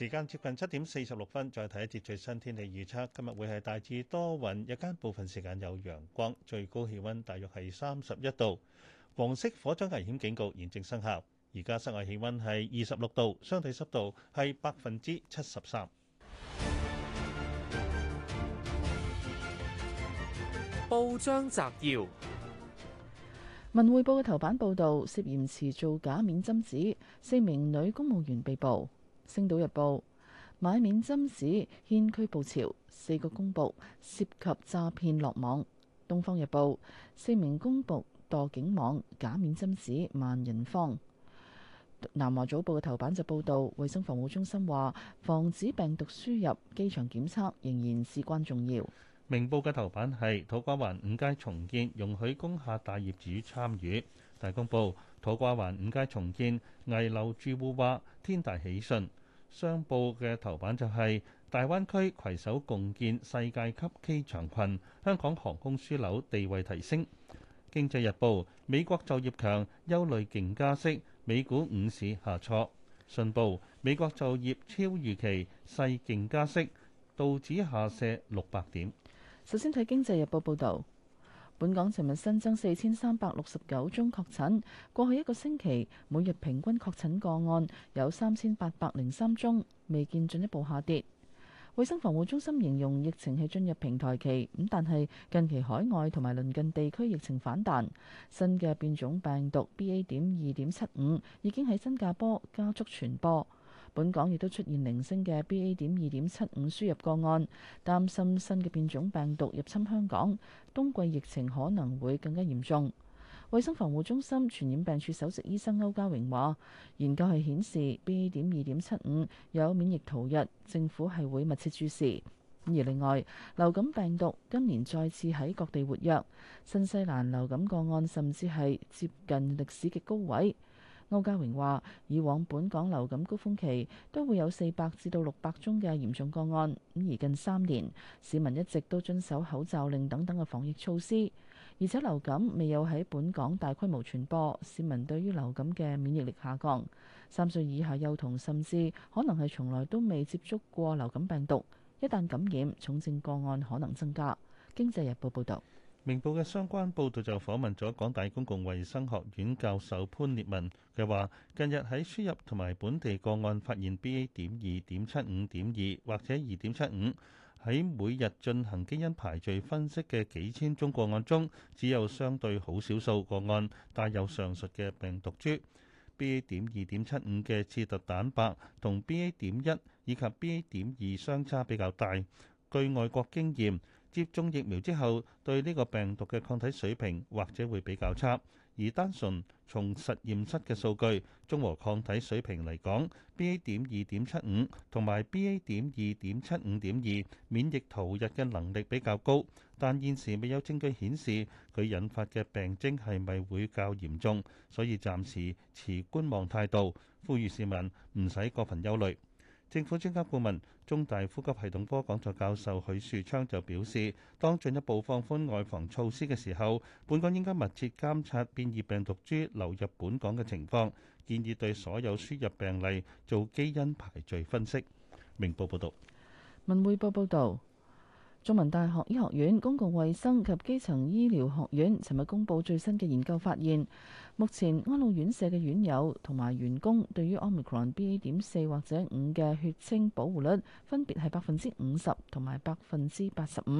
[SPEAKER 4] 時間接近七點四十六分，再睇一節最新天氣預測。今日會係大致多雲，日間部分時間有陽光，最高氣温大約係三十一度。黃色火災危險警告現正生效。而家室外氣温係二十六度，相對濕度係百分之七十三。報章摘要，
[SPEAKER 3] 文匯報嘅頭版報導，涉嫌持造假免針紙，四名女公務員被捕。《星島日報》買免針紙欠區報潮，四個公佈涉及詐騙落網。《東方日報》四名公佈墮警網，假免針紙萬人慌。《南華早報》嘅頭版就報道，衞生防護中心話，防止病毒輸入，機場檢測仍然至關重要。
[SPEAKER 4] 《明報》嘅頭版係土瓜灣五街重建容許工廈大業主參與。大公報土瓜灣五街重建危樓住戶話，天大喜訊。商報嘅頭版就係大灣區攜手共建世界級機場群，香港航空樞紐地位提升。經濟日報，美國就業強，憂慮勁加息，美股午市下挫。信報，美國就業超預期，勢勁加息，道指下瀉六百點。
[SPEAKER 3] 首先睇經濟日報報導。本港尋日新增四千三百六十九宗確診，過去一個星期每日平均確診個案有三千八百零三宗，未見進一步下跌。衛生防護中心形容疫情係進入平台期，咁但係近期海外同埋鄰近地區疫情反彈，新嘅變種病毒 BA. 點二點七五已經喺新加坡加速傳播。本港亦都出現零星嘅 BA. 點二點七五輸入個案，擔心新嘅變種病毒入侵香港，冬季疫情可能會更加嚴重。衞生防護中心傳染病處首席醫生歐家榮話：研究係顯示 BA. 點二點七五有免疫逃逸，政府係會密切注視。而另外，流感病毒今年再次喺各地活躍，新西蘭流感個案甚至係接近歷史嘅高位。歐家榮話：以往本港流感高峰期都會有四百至到六百宗嘅嚴重個案，咁而近三年市民一直都遵守口罩令等等嘅防疫措施，而且流感未有喺本港大規模傳播，市民對於流感嘅免疫力下降，三歲以下幼童甚至可能係從來都未接觸過流感病毒，一旦感染，重症個案可能增加。經濟日報報道。
[SPEAKER 4] 明報嘅相關報導就訪問咗港大公共衛生學院教授潘烈文，佢話：近日喺輸入同埋本地個案發現 B A. 點二點七五點二或者二點七五，喺每日進行基因排序分析嘅幾千宗個案中，只有相對好少數個案帶有上述嘅病毒株。B A. 點二點七五嘅刺突蛋白同 B A. 點一以及 B A. 點二相差比較大，據外國經驗。接種疫苗之後，對呢個病毒嘅抗體水平或者會比較差。而單純從實驗室嘅數據，中和抗體水平嚟講，BA. 點二點七五同埋 BA. 點二點七五點二免疫逃逸嘅能力比較高，但現時未有證據顯示佢引發嘅病徵係咪會較嚴重，所以暫時持觀望態度，呼籲市民唔使過分憂慮。政府專家顧問、中大呼吸系統科講座教授許樹昌就表示，當進一步放寬外防措施嘅時候，本港應該密切監察變異病毒株流入本港嘅情況，建議對所有輸入病例做基因排序分析。明報報道。
[SPEAKER 3] 文匯報報導。中文大學醫學院公共衛生及基層醫療學院尋日公布最新嘅研究發現，目前安老院舍嘅院友同埋員工對於 Omicron BA. 點四或者五嘅血清保護率分別係百分之五十同埋百分之八十五，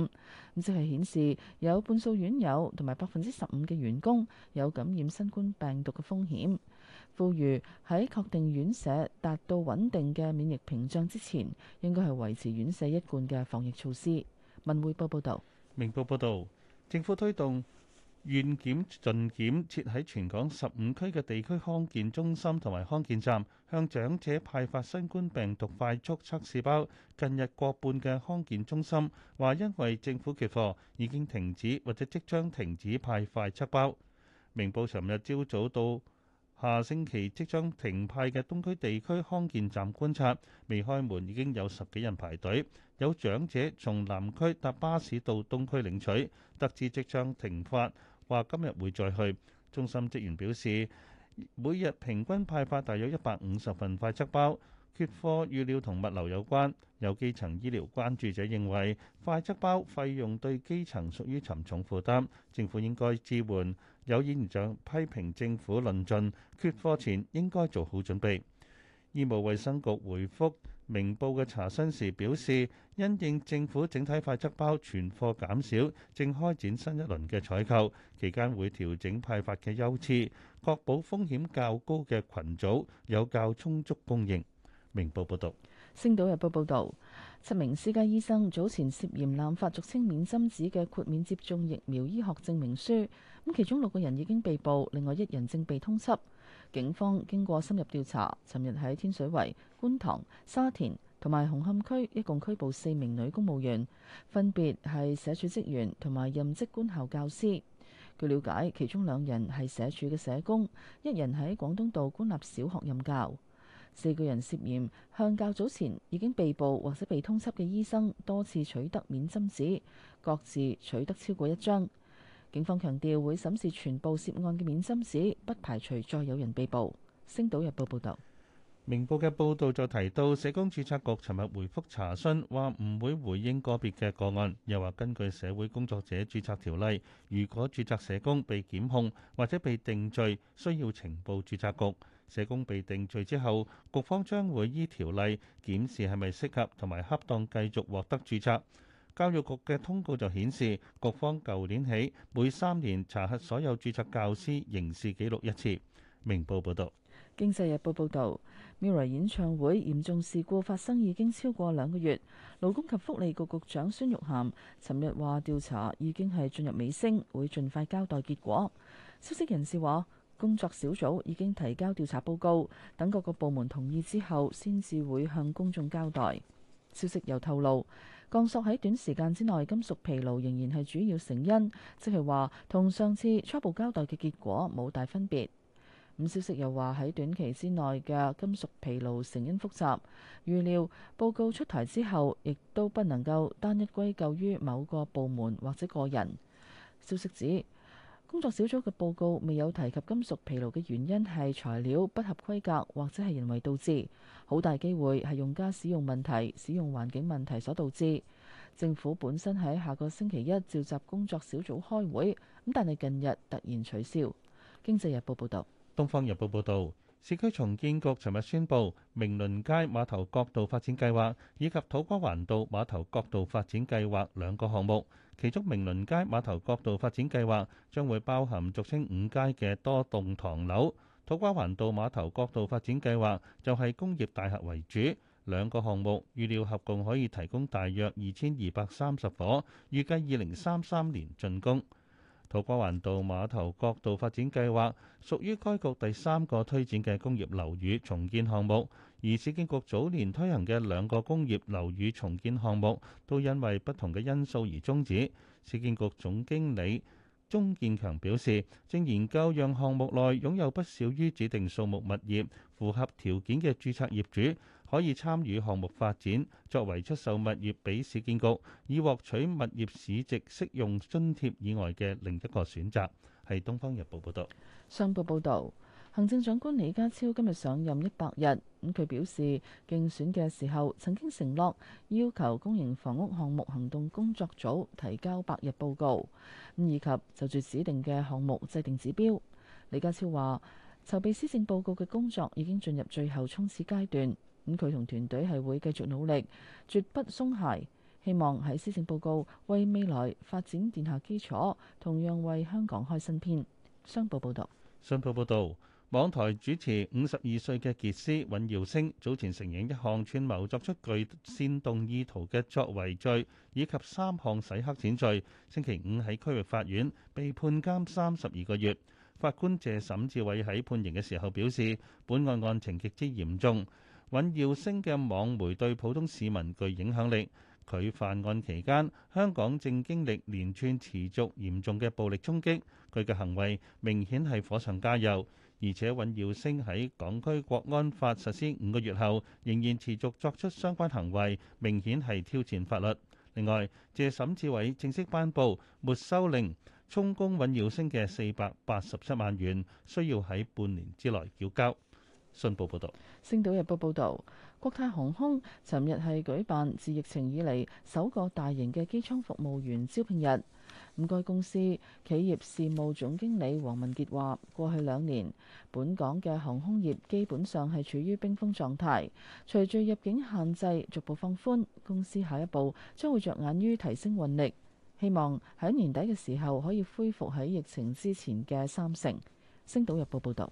[SPEAKER 3] 咁即係顯示有半數院友同埋百分之十五嘅員工有感染新冠病毒嘅風險。呼籲喺確定院舍達到穩定嘅免疫屏障之前，應該係維持院舍一貫嘅防疫措施。文匯報報道，
[SPEAKER 4] 明報報道，政府推動願檢盡檢，設喺全港十五區嘅地區康健中心同埋康健站，向長者派發新冠病毒快速測試包。近日過半嘅康健中心話，因為政府缺貨，已經停止或者即將停止派快測包。明報尋日朝早到。下星期即將停派嘅東區地區康健站觀察未開門已經有十幾人排隊，有長者從南區搭巴士到東區領取，得知即將停發，話今日會再去。中心職員表示，每日平均派發大約一百五十份快測包，缺貨預料同物流有關。有基層醫療關注者認為，快測包費用對基層屬於沉重負擔，政府應該支援。有議員長批評政府論盡缺貨前應該做好準備。醫務衛生局回覆明報嘅查詢時表示，因應政府整體快測包存貨減少，正開展新一輪嘅採購，期間會調整派發嘅優次，確保風險較高嘅群組有較充足供應。明報報導，
[SPEAKER 3] 《星島日報》報導。七名私家醫生早前涉嫌濫發俗稱免針紙嘅豁免接種疫苗醫學證明書，咁其中六個人已經被捕，另外一人正被通緝。警方經過深入調查，尋日喺天水圍、觀塘、沙田同埋紅磡區一共拘捕四名女公務員，分別係社署職員同埋任職官校教師。據了解，其中兩人係社署嘅社工，一人喺廣東道官立小學任教。四個人涉嫌向較早前已經被捕或者被通緝嘅醫生多次取得免針紙，各自取得超過一張。警方強調會審視全部涉案嘅免針紙，不排除再有人被捕。《星島日報》報道，明報嘅報
[SPEAKER 4] 導就提到，社工註冊局尋日回覆查詢，話唔會回應個別嘅個案，又話根據社會工作者註冊條例，如果註冊社工被檢控或者被定罪，需要呈報註冊局。社工被定罪之後，局方將會依條例檢視係咪適合同埋恰當繼續獲得註冊。教育局嘅通告就顯示，局方舊年起每三年查核所有註冊教師刑事記錄一次。明報報導，
[SPEAKER 3] 《經濟日報》報導，Mirror 演唱會嚴重事故發生已經超過兩個月，勞工及福利局局長孫玉菡尋日話調查已經係進入尾聲，會盡快交代結果。消息人士話。工作小組已經提交調查報告，等各個部門同意之後，先至會向公眾交代。消息又透露，鋼索喺短時間之內金屬疲勞仍然係主要成因，即係話同上次初步交代嘅結果冇大分別。咁消息又話喺短期之內嘅金屬疲勞成因複雜，預料報告出台之後，亦都不能夠單一歸咎於某個部門或者個人。消息指。工作小組嘅報告未有提及金屬疲勞嘅原因係材料不合規格或者係人為導致，好大機會係用家使用問題、使用環境問題所導致。政府本身喺下個星期一召集工作小組開會，咁但係近日突然取消。經濟日報報導，
[SPEAKER 4] 東方日報報導，市區重建局尋日宣布明倫街馬頭角道發展計劃以及土瓜灣道馬頭角道發展計劃兩個項目。其中明倫街馬頭角道發展計劃將會包含俗稱五街嘅多棟唐樓，土瓜灣道馬頭角道發展計劃就係工業大廈為主。兩個項目預料合共可以提供大約二千二百三十伙，預計二零三三年竣工。土瓜灣道馬頭角道發展計劃屬於該局第三個推展嘅工業樓宇重建項目。而市建局早年推行嘅兩個工業樓宇重建項目，都因為不同嘅因素而終止。市建局總經理鍾建強表示，正研究讓項目內擁有不少於指定數目物業符合條件嘅注冊業主，可以參與項目發展，作為出售物業俾市建局，以獲取物業市值適用津貼以外嘅另一個選擇，係東方日報報道。
[SPEAKER 3] 商報報導。行政長官李家超今日上任一百日，咁佢表示競選嘅時候曾經承諾要求公營房屋項目行動工作組提交百日報告，以及就住指定嘅項目制定指標。李家超話籌備施政報告嘅工作已經進入最後衝刺階段，咁佢同團隊係會繼續努力，絕不鬆懈，希望喺施政報告為未來發展奠下基礎，同樣為香港開新篇。商報報導。
[SPEAKER 4] 商報報導。網台主持五十二歲嘅杰斯尹耀星，早前承認一項串謀作出具煽動意圖嘅作為罪，以及三項洗黑錢罪。星期五喺區域法院被判監三十二個月。法官謝沈志偉喺判刑嘅時候表示，本案案情極之嚴重。尹耀星嘅網媒對普通市民具影響力。佢犯案期間，香港正經歷連串持續嚴重嘅暴力衝擊，佢嘅行為明顯係火上加油。而且尹耀星喺港區國安法實施五個月後，仍然持續作出相關行為，明顯係挑戰法律。另外，謝沈志偉正式頒布沒收令，充公尹耀星嘅四百八十七萬元，需要喺半年之內繳交。信報報道，
[SPEAKER 3] 星島日報報道，國泰航空尋日係舉辦自疫情以嚟首個大型嘅機艙服務員招聘日。咁該公司企業事務總經理黃文傑話，過去兩年，本港嘅航空業基本上係處於冰封狀態。隨住入境限制逐步放寬，公司下一步將會着眼於提升運力，希望喺年底嘅時候可以恢復喺疫情之前嘅三成。星島日報報道。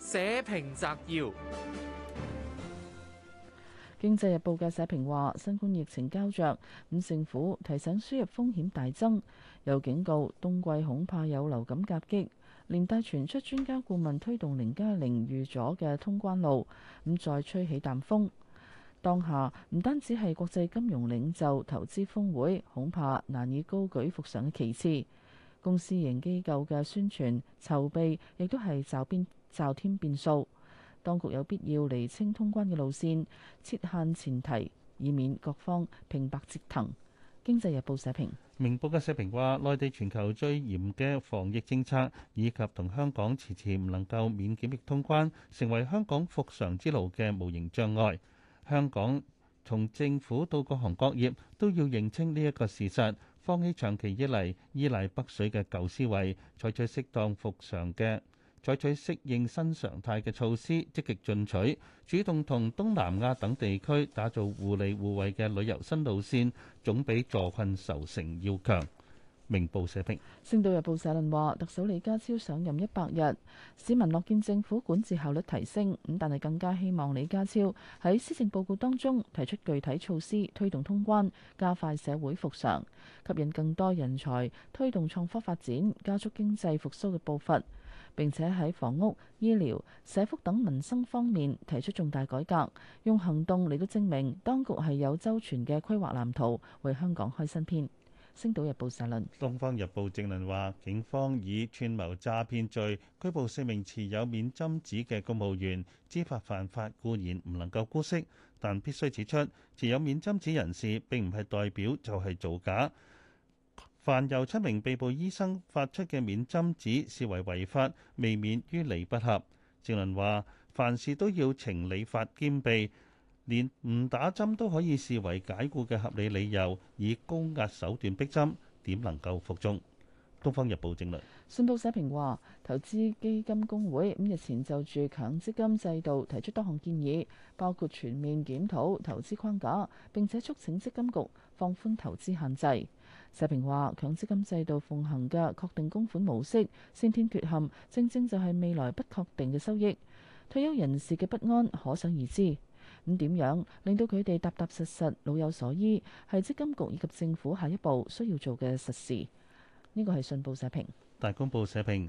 [SPEAKER 14] 社評摘要。
[SPEAKER 3] 經濟日報嘅社評話：新冠疫情膠着，咁政府提醒輸入風險大增，又警告冬季恐怕有流感夾擊，連帶傳出專家顧問推動零加零預咗嘅通關路，咁再吹起淡風。當下唔單止係國際金融領袖投資峰會，恐怕難以高舉復常嘅旗幟，公私營機構嘅宣傳籌備亦都係驟變驟添變數。當局有必要釐清通關嘅路線、設限前提，以免各方平白折騰。經濟日報社評。
[SPEAKER 4] 明報嘅社評話：內地全球最嚴嘅防疫政策，以及同香港遲遲唔能夠免檢疫通關，成為香港復常之路嘅無形障礙。香港從政府到各行各業都要認清呢一個事實，放棄長期以嚟依賴北水嘅舊思維，採取適當復常嘅。採取適應新常態嘅措施，積極進取，主動同東南亞等地區打造互利互惠嘅旅遊新路線，總比坐困愁城要強。明報社評，
[SPEAKER 3] 《星島日報》社論話：特首李家超上任一百日，市民樂見政府管治效率提升，咁但係更加希望李家超喺施政報告當中提出具體措施，推動通關，加快社會復常，吸引更多人才，推動創科發展，加速經濟復甦嘅步伐。並且喺房屋、醫療、社福等民生方面提出重大改革，用行動嚟到證明當局係有周全嘅規劃藍圖，為香港開新篇。星島日報社論，《
[SPEAKER 4] 東方日報》正論話：警方以串謀詐騙罪拘捕四名持有免針紙嘅公務員，知法犯法固然唔能夠姑息，但必須指出，持有免針紙人士並唔係代表就係造假。凡由七名被捕醫生發出嘅免針紙視為違法，未免於理不合。正論話：凡事都要情理法兼備，連唔打針都可以視為解雇嘅合理理由，以高壓手段逼針，點能夠服眾？《東方日報》正論。
[SPEAKER 3] 信報社評話：投資基金公會五日前就住強積金制度提出多項建議，包括全面檢討投資框架，並且促請積金局放寬投資限制。社評話：強積金制度奉行嘅確定供款模式先天缺陷，正正就係未來不確定嘅收益。退休人士嘅不安可想而知。咁點樣令到佢哋踏踏實實老有所依，係積金局以及政府下一步需要做嘅實事。呢個係信報社評，
[SPEAKER 4] 大公報社評。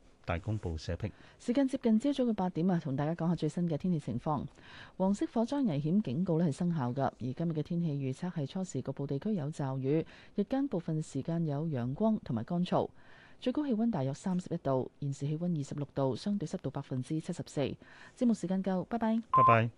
[SPEAKER 4] 大公報社評，
[SPEAKER 3] 時間接近朝早嘅八點啊，同大家講下最新嘅天氣情況。黃色火災危險警告咧係生效㗎，而今日嘅天氣預測係初時局部地區有驟雨，日間部分時間有陽光同埋乾燥，最高氣温大約三十一度，現時氣温二十六度，相對濕度百分之七十四。節目時間夠，拜拜。
[SPEAKER 4] 拜拜。